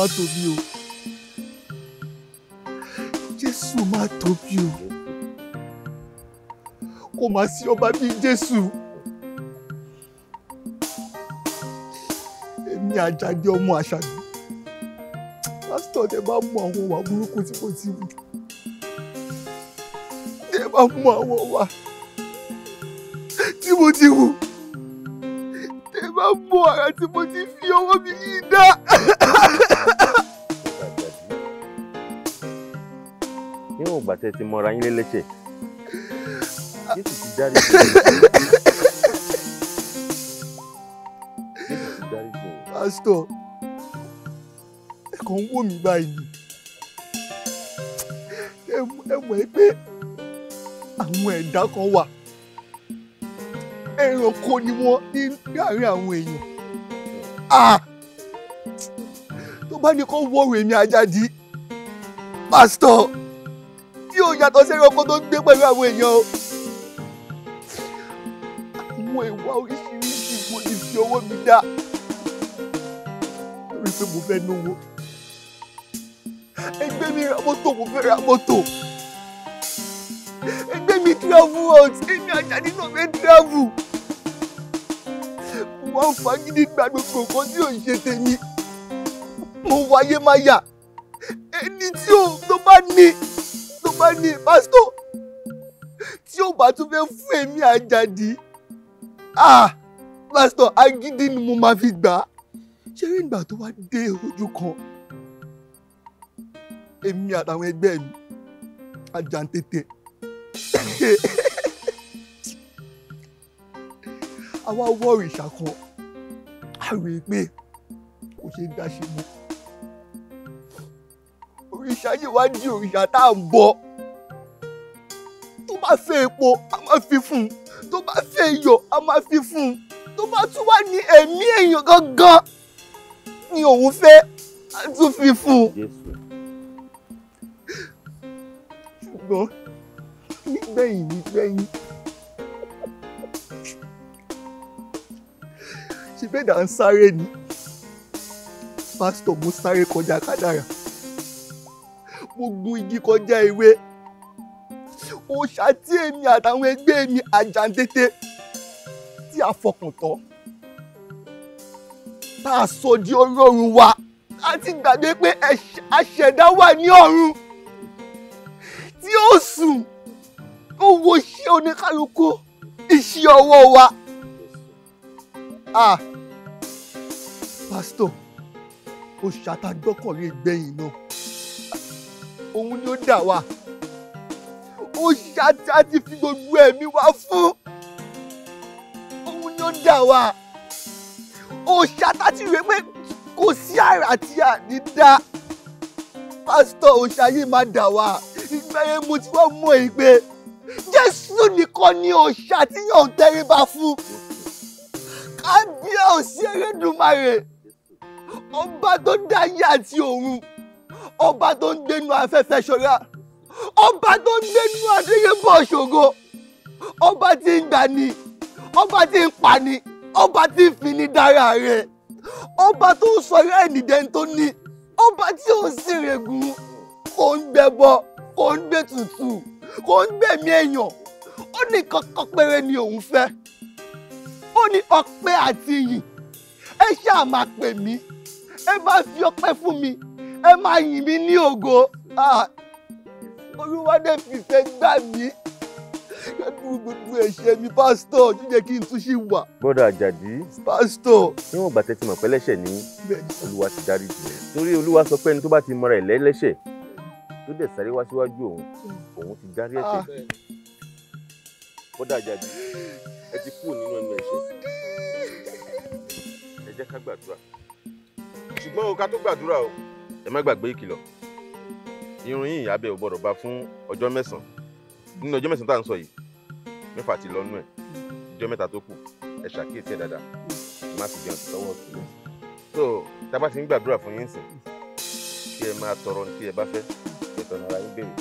tóbi o jésù má tóbi o kò má sí ọba bíi jésù èmi àjàgbé ọmọ àṣàgbé pásítọ̀ tẹ bá mú àwọn wà burúkú tí kò ti wù tẹ bá mú àwọn wà tí mo ti wù tẹ bá mú ara tí mo ti fi ọwọ́ mi yí dá. ìgbà tẹ́ ti mọ́ra yín lẹ́lẹ́sẹ̀ jésù ti dárí jù ú. pásítọ̀ ẹ kàn ń wò mí báyìí ẹ mọ̀ ẹ́ pé àwọn ẹ̀dá kan wà ẹranko ni wọ́n ní láàrin àwọn èèyàn tó bá ní kó wọ́ọ̀rọ̀ èmi Àjàdí pásítọ̀ yàtọ̀ sí ẹranko tó ń gbé pẹ̀lú àwọn èèyàn o. àwọn ìwà oríṣiríṣi wo ni fi ọwọ́ mi dá lórí pé mo fẹ́ náwó ẹgbẹ́ mi ra mọ́tò mo fẹ́ ra mọ́tò ẹgbẹ́ mi travel out èmi àjàdí náà fẹ́ travel wọ́n ń fagídí gba gbogbo nǹkan tí ò ń ṣe tèmi mo wáyé máa yà ẹni tí ò tó bá ní bá ní pásítọ̀ tí ó bá tún fẹ́ fún èmi àjàdí ah, pásítọ̀ agídí ni mo máa fi gbà á ṣé rí ìgbà tó wá dé ojú kan èmi àtàwọn ẹgbẹ́ mi àjàǹtètè àwa wọ òrìṣà kan a rí i pé kò ṣe é dá ṣe mọ́ òrìṣà yìí wá di òrìṣà tá à ń bọ bá fẹ́ epo a máa fi fún un tó bá fẹ́ iyọ̀ a máa fi fún un tó bá tún wà ní ẹ̀mí èèyàn gangan ni òun fẹ́ a tún fi fún un. ṣùgbọ́n nígbẹ̀yìn nígbẹ̀yìn ṣe bẹ́ẹ̀ dà ń sáré ni pásítọ̀ mo sáré kọjá kádàrà mo gun igi kọjá ewé òòṣà tí èmi àtàwọn ẹgbẹ́ mi àjàǹtètè tí a fọkàn tán tá a sọ di ọlọ́run wa láti gbàgbé pé aṣẹ̀dá wà ní ọ̀run tí ó sùn ó wo iṣẹ́ oníkálukú iṣẹ́ ọwọ́ wa. Ah, pásítọ̀ òòṣà tá a gbọ́kànlé gbẹ̀yìn náà òun ló dà wá mo ṣáṣá ti fi gbogbo ẹ̀mí wá fún òun ni ó dà wá ó ṣáṣá ti rẹ pé kò sí àrà tí a ní dá pásítọ̀ òṣàyè máa dà wá ìgbà yẹn mo ti wá mọ̀ èyí pé Jésù nìkan ni òṣà tí yóò tẹríba fún kábíyèsí Elédùmarè ọba tó dáyé àti ọ̀run ọba tó ń gbénu afẹ́fẹ́ ṣọ́ra ọba tó ń gbénú adéyébọ̀ ṣògo ọba tí ń gbani ọba tí ń pani ọba tí ń fini dára rẹ̀ ọba tó ń sọ rẹ̀ nìdẹ́n tó ní ọba tí ò ń sìnrẹ̀gùn kò ń gbẹbọ kò ń gbé tutù kò ń gbẹ̀mí èèyàn ó ní kankan péré ni òun fẹ́ ó ní ọpẹ́ àti iyì ẹ ṣáà máa pè mí ẹ bá fi ọpẹ́ fún mi ẹ máa yìn mí ní ògo ah olúwadé fìfẹ́ gbà mí kẹ́kọ̀ọ́ gbogbo ẹ̀ṣẹ̀ mi pásítọ̀ tó jẹ́ kí n tún ṣì wà. bọ́dà àjàdí. pásítọ̀. níwọ̀n bàtẹ́ ti mọ̀ pé lẹ́ṣẹ̀ ni. olúwa ti dárí jù ẹ́. torí olúwa sọ pé ẹni tó bá ti mọra ẹ̀ lẹ́lẹ́ṣẹ̀ tó dẹ̀ sáré wá síwájú òun òun ti dárí ẹ̀ṣẹ̀. Ah. bọ́dà àjàdí ẹ ti kúrò nínú ẹnu ẹ̀ṣẹ̀ ẹ jẹ́ ká gbàdúrà ṣùgbọ́n o ká tó gbàdúrà o ẹ má gbàgbé ìkìlọ̀ irun yìí ìyábẹ̀ ò gbọ́dọ̀ bá fún ọjọ́ mẹ́sàn-án nínú ọjọ́ mẹ́sàn tá à ń sọ yìí mẹ́fà ti lọ́nú ẹ̀ ọjọ́ mẹ́ta tó kù ẹ ṣàkíyèsí ẹ̀ dáadáa má sì jẹun sọ́wọ́ sílẹ̀ so tá a bá ti ń gbàdúrà fún yín sìn kí ẹ máa tọrọ ní kí ẹ bá fẹ́ ẹ̀tọ́ nara yín béèrè.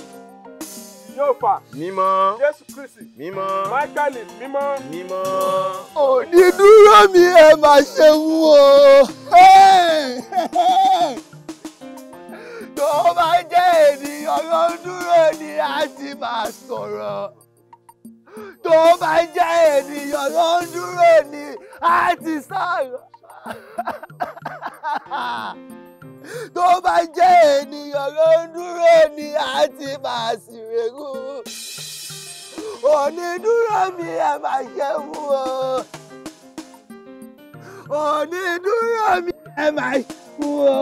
yóò fà mímọ́ jésù kristi mímọ́ máíkálì mímọ́ mímọ́. òní dúró mi ẹ máa ṣe wú o. tó bá jẹ́ ènìyàn ló dúró ní láti máa sọ̀rọ̀ tó bá jẹ́ ènìyàn ló dúró ní láti sọ̀rọ̀ tó bá jẹ́ ènìyàn ló dúró ní láti máa ṣìrègù onídúró mi ẹ máa ṣe wú o onídúró mi ẹ máa ṣe wú o.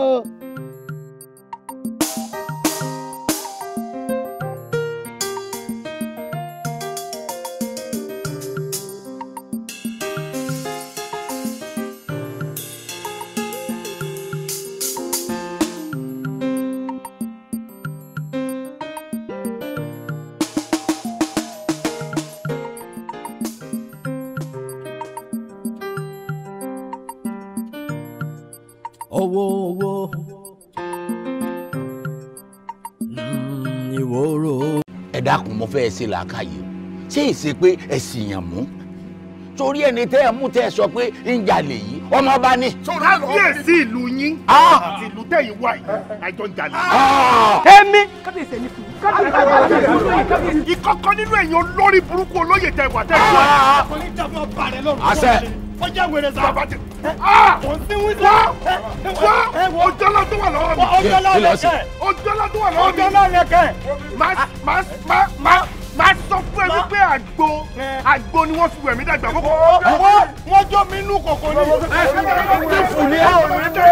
Oh owó owó ìwòrò. ẹ dákun mo fẹ́ ṣe làákàyè ṣé ìṣe pé ẹ sì yàn mú torí ẹni tẹ́ ẹ mú tẹ́ ẹ sọ pé ń jalè yìí ọmọ bá ní. sọ̀rọ̀ àlọ́ yẹ̀ sí ìlú yín ah! àti ìlú tẹ̀yìn wá yìí àjọ ń jalè. Ah! èmi. ìkọ̀kọ̀ nínú ẹ̀yin olórí burúkú olóyè tẹ̀ wá tẹ̀ wá. Ah! àṣẹ. ọjà wẹrẹ sábà tẹ òun ti wí sọ. wá wá ojọ́lá tó wà lọ́wọ́ mi. ojọ́lá lẹ́kẹ̀. ojọ́lá tó wà lọ́wọ́ mi. ojọ́lá lẹ́kẹ̀. má má má má máa sọ fún ẹ wípé àgbo àgbo ni wọ́n fi wẹ̀mí dàgbà kókó. wọ́n wọ́n jọ mí inú kòkó ni. bífù ni ẹ ò ní dé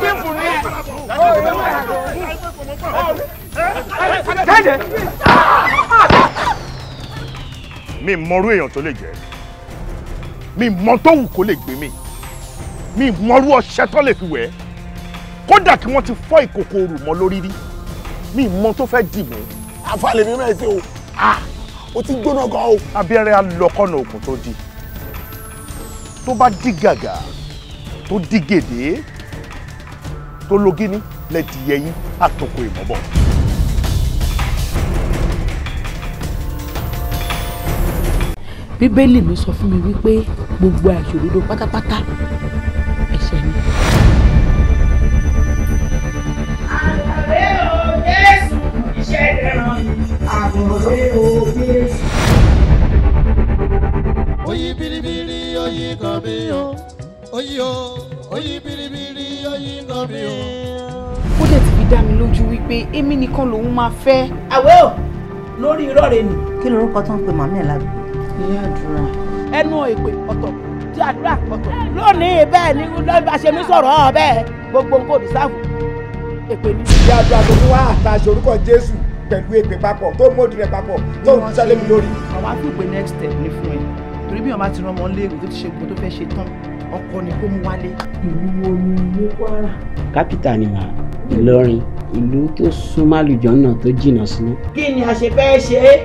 bífù ni ẹ ò ní dé. mi mọ̀rú èèyàn tó lè jẹ́ mi mọ tó wù kó lè gbé mi mi mọrú ọṣẹ tó lè fi wẹ̀ ẹ́ kódà kí wọ́n ti fọ́ ìkòkò òrù mọ́ lórí rí mi mọ tó fẹ́ dì mí. àfàlẹ́ mi mẹ́rin sí o o ti gbóná gan o. abẹ́rẹ́ alọ́kọ́nà òkun tó di tó bá di gàgà tó di gèdè tó logíní lẹ́ẹ̀dì yẹyìn àtòkò ìmọ̀bọ̀. bíbélì mi sọ fún mi wípé gbogbo àìṣòdodo pátápátá ẹ̀ṣẹ̀ ni. àgbàdo jésù iṣẹ́ ìrẹ̀ràn àgbàdo jésù. oyi biribiri oyi kan mi o oyi o oyi biribiri oyi kan mi o. ó dẹ̀ ti fi dá mi lójú wípé èmi nìkan lòun máa fẹ́. àwẹ̀ o lórí irọ́ rẹ nì. kí lorúkọ tó ń pe màmí ẹ̀ ládùúgbò ní àdúrà. ẹnu èpè ọ̀tọ̀ ti àdúrà ọ̀tọ̀ lónìí bẹ́ẹ̀ ni lọ́ba ṣe mí sọ̀rọ̀ bẹ́ẹ̀ gbogbo nǹkan òdì sáfù ni. ìyá àdúrà tó fún wa àtàṣe orúkọ Jésù pẹ̀lú èpè papọ̀ tó mòdì rẹ̀ papọ̀ tó ń sálẹ̀ mi lórí. àwọn akéwìpé next step ni fún ẹ torí bí wọn bá ti rán ọmọ léèrè tó ti ṣe gbogbo tó fẹ́ ṣe tán ọkọ ni kó mú wálé. ìlú wo ni ìlú Kwara. kápítà ni wà Ìlọrin ìlú tó súnmọ́ àlùjọ náà tó jìnnà sínú. kí ni a ṣe fẹ́ ṣe é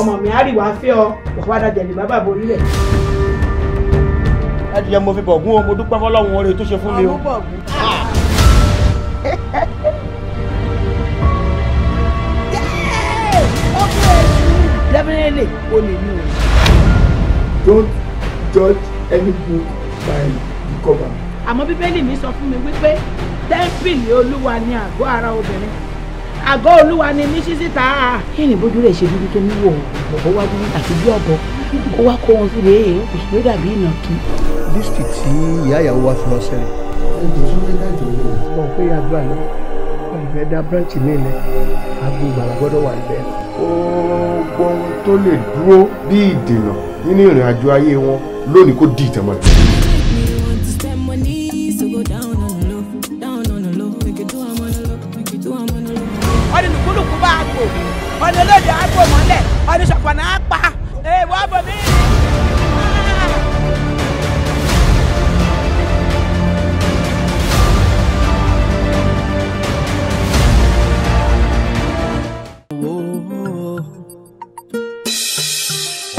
ọmọ mi àríwá fẹ́ ọ òfòwádà jẹ̀lẹ̀ bàbá bo orílẹ̀. adìyẹ mo fi bọ̀gún o mo dúpẹ́ fọlọ́run oore tó ṣe fún mi o. definitely o lè ní o. don't judge any book by the cover. àmọ́ bíbélì mi sọ fún mi wípé tẹ́ńpìlì olúwa ni àgọ́ ara obìnrin àgọ́ olúwa ni mí sí síta. kí ni bójú rẹ̀ ṣe dúdú tó ní wò bọ̀bọ̀ wá dúdú àti bí ọ̀bọ ó wá kó wọn sí lè é ló dàbí ìnàkí. lísìtì tí ìyá ìyàwó wa fi wọn sẹ́lẹ̀. ẹjọ́ súnmọ́ dájọ́ yìí. ọ̀ pé àdúrà náà wọ́n fẹ́ dá bíráǹtì ní ilẹ̀ agbóhùngbàlà gbọ́dọ̀ wà níbẹ̀. ohun tó lè dúró bí ìdènà nínú ìrìn àjò ayé wọn lónìí kò di ìtẹ̀mọ́lẹ̀. ọ̀nà olóde àgbò mọ́lẹ̀ ọ̀nà ìṣọ̀pọ̀nà àpá èèwọ̀ bòmí.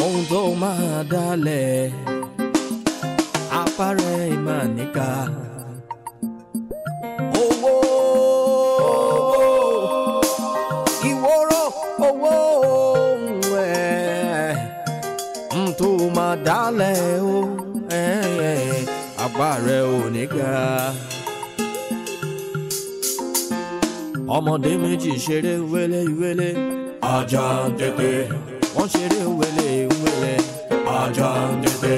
ohun tó máa dalẹ̀ apá rẹ̀ ìmọ̀ níkà. lálẹ́ o àgbà rẹ̀ ò ní ga. ọmọdé méjì ṣeré wélé wélé ajá ń tètè. wọ́n ṣeré wélé wélé ajá ń tètè.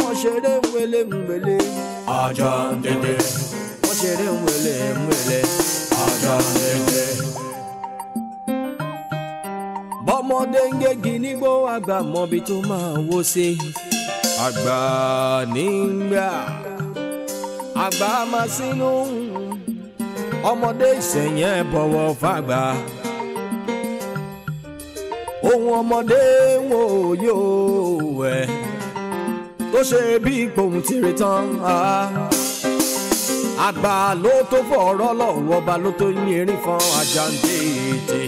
wọ́n ṣeré wélé wélé ajá ń tètè. wọ́n ṣeré wélé wélé ajá tètè. bọ́mọdé ń gégi nígbó àgbà mọ́bi tó máa wó sí i àgbà nígbà àgbà máa sínú ọmọdé ìsẹ̀yìn ẹ̀ bọ̀wọ̀ fàgbà ohun ọmọdé wo yóò wẹ̀ tó ṣe bí gbohùn tìrì tán àgbà ló tó fọ̀rọ̀ lọ́wọ́ ọba ló tó yín erin fún àjàǹdè ètè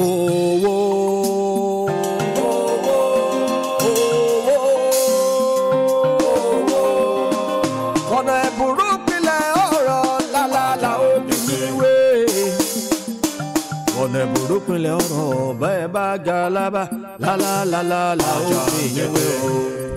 owó. ìpínlẹ̀ ọ̀rọ̀ bẹ́ẹ̀ bá galaba lálálálá làwọn èèyàn wẹ̀ o.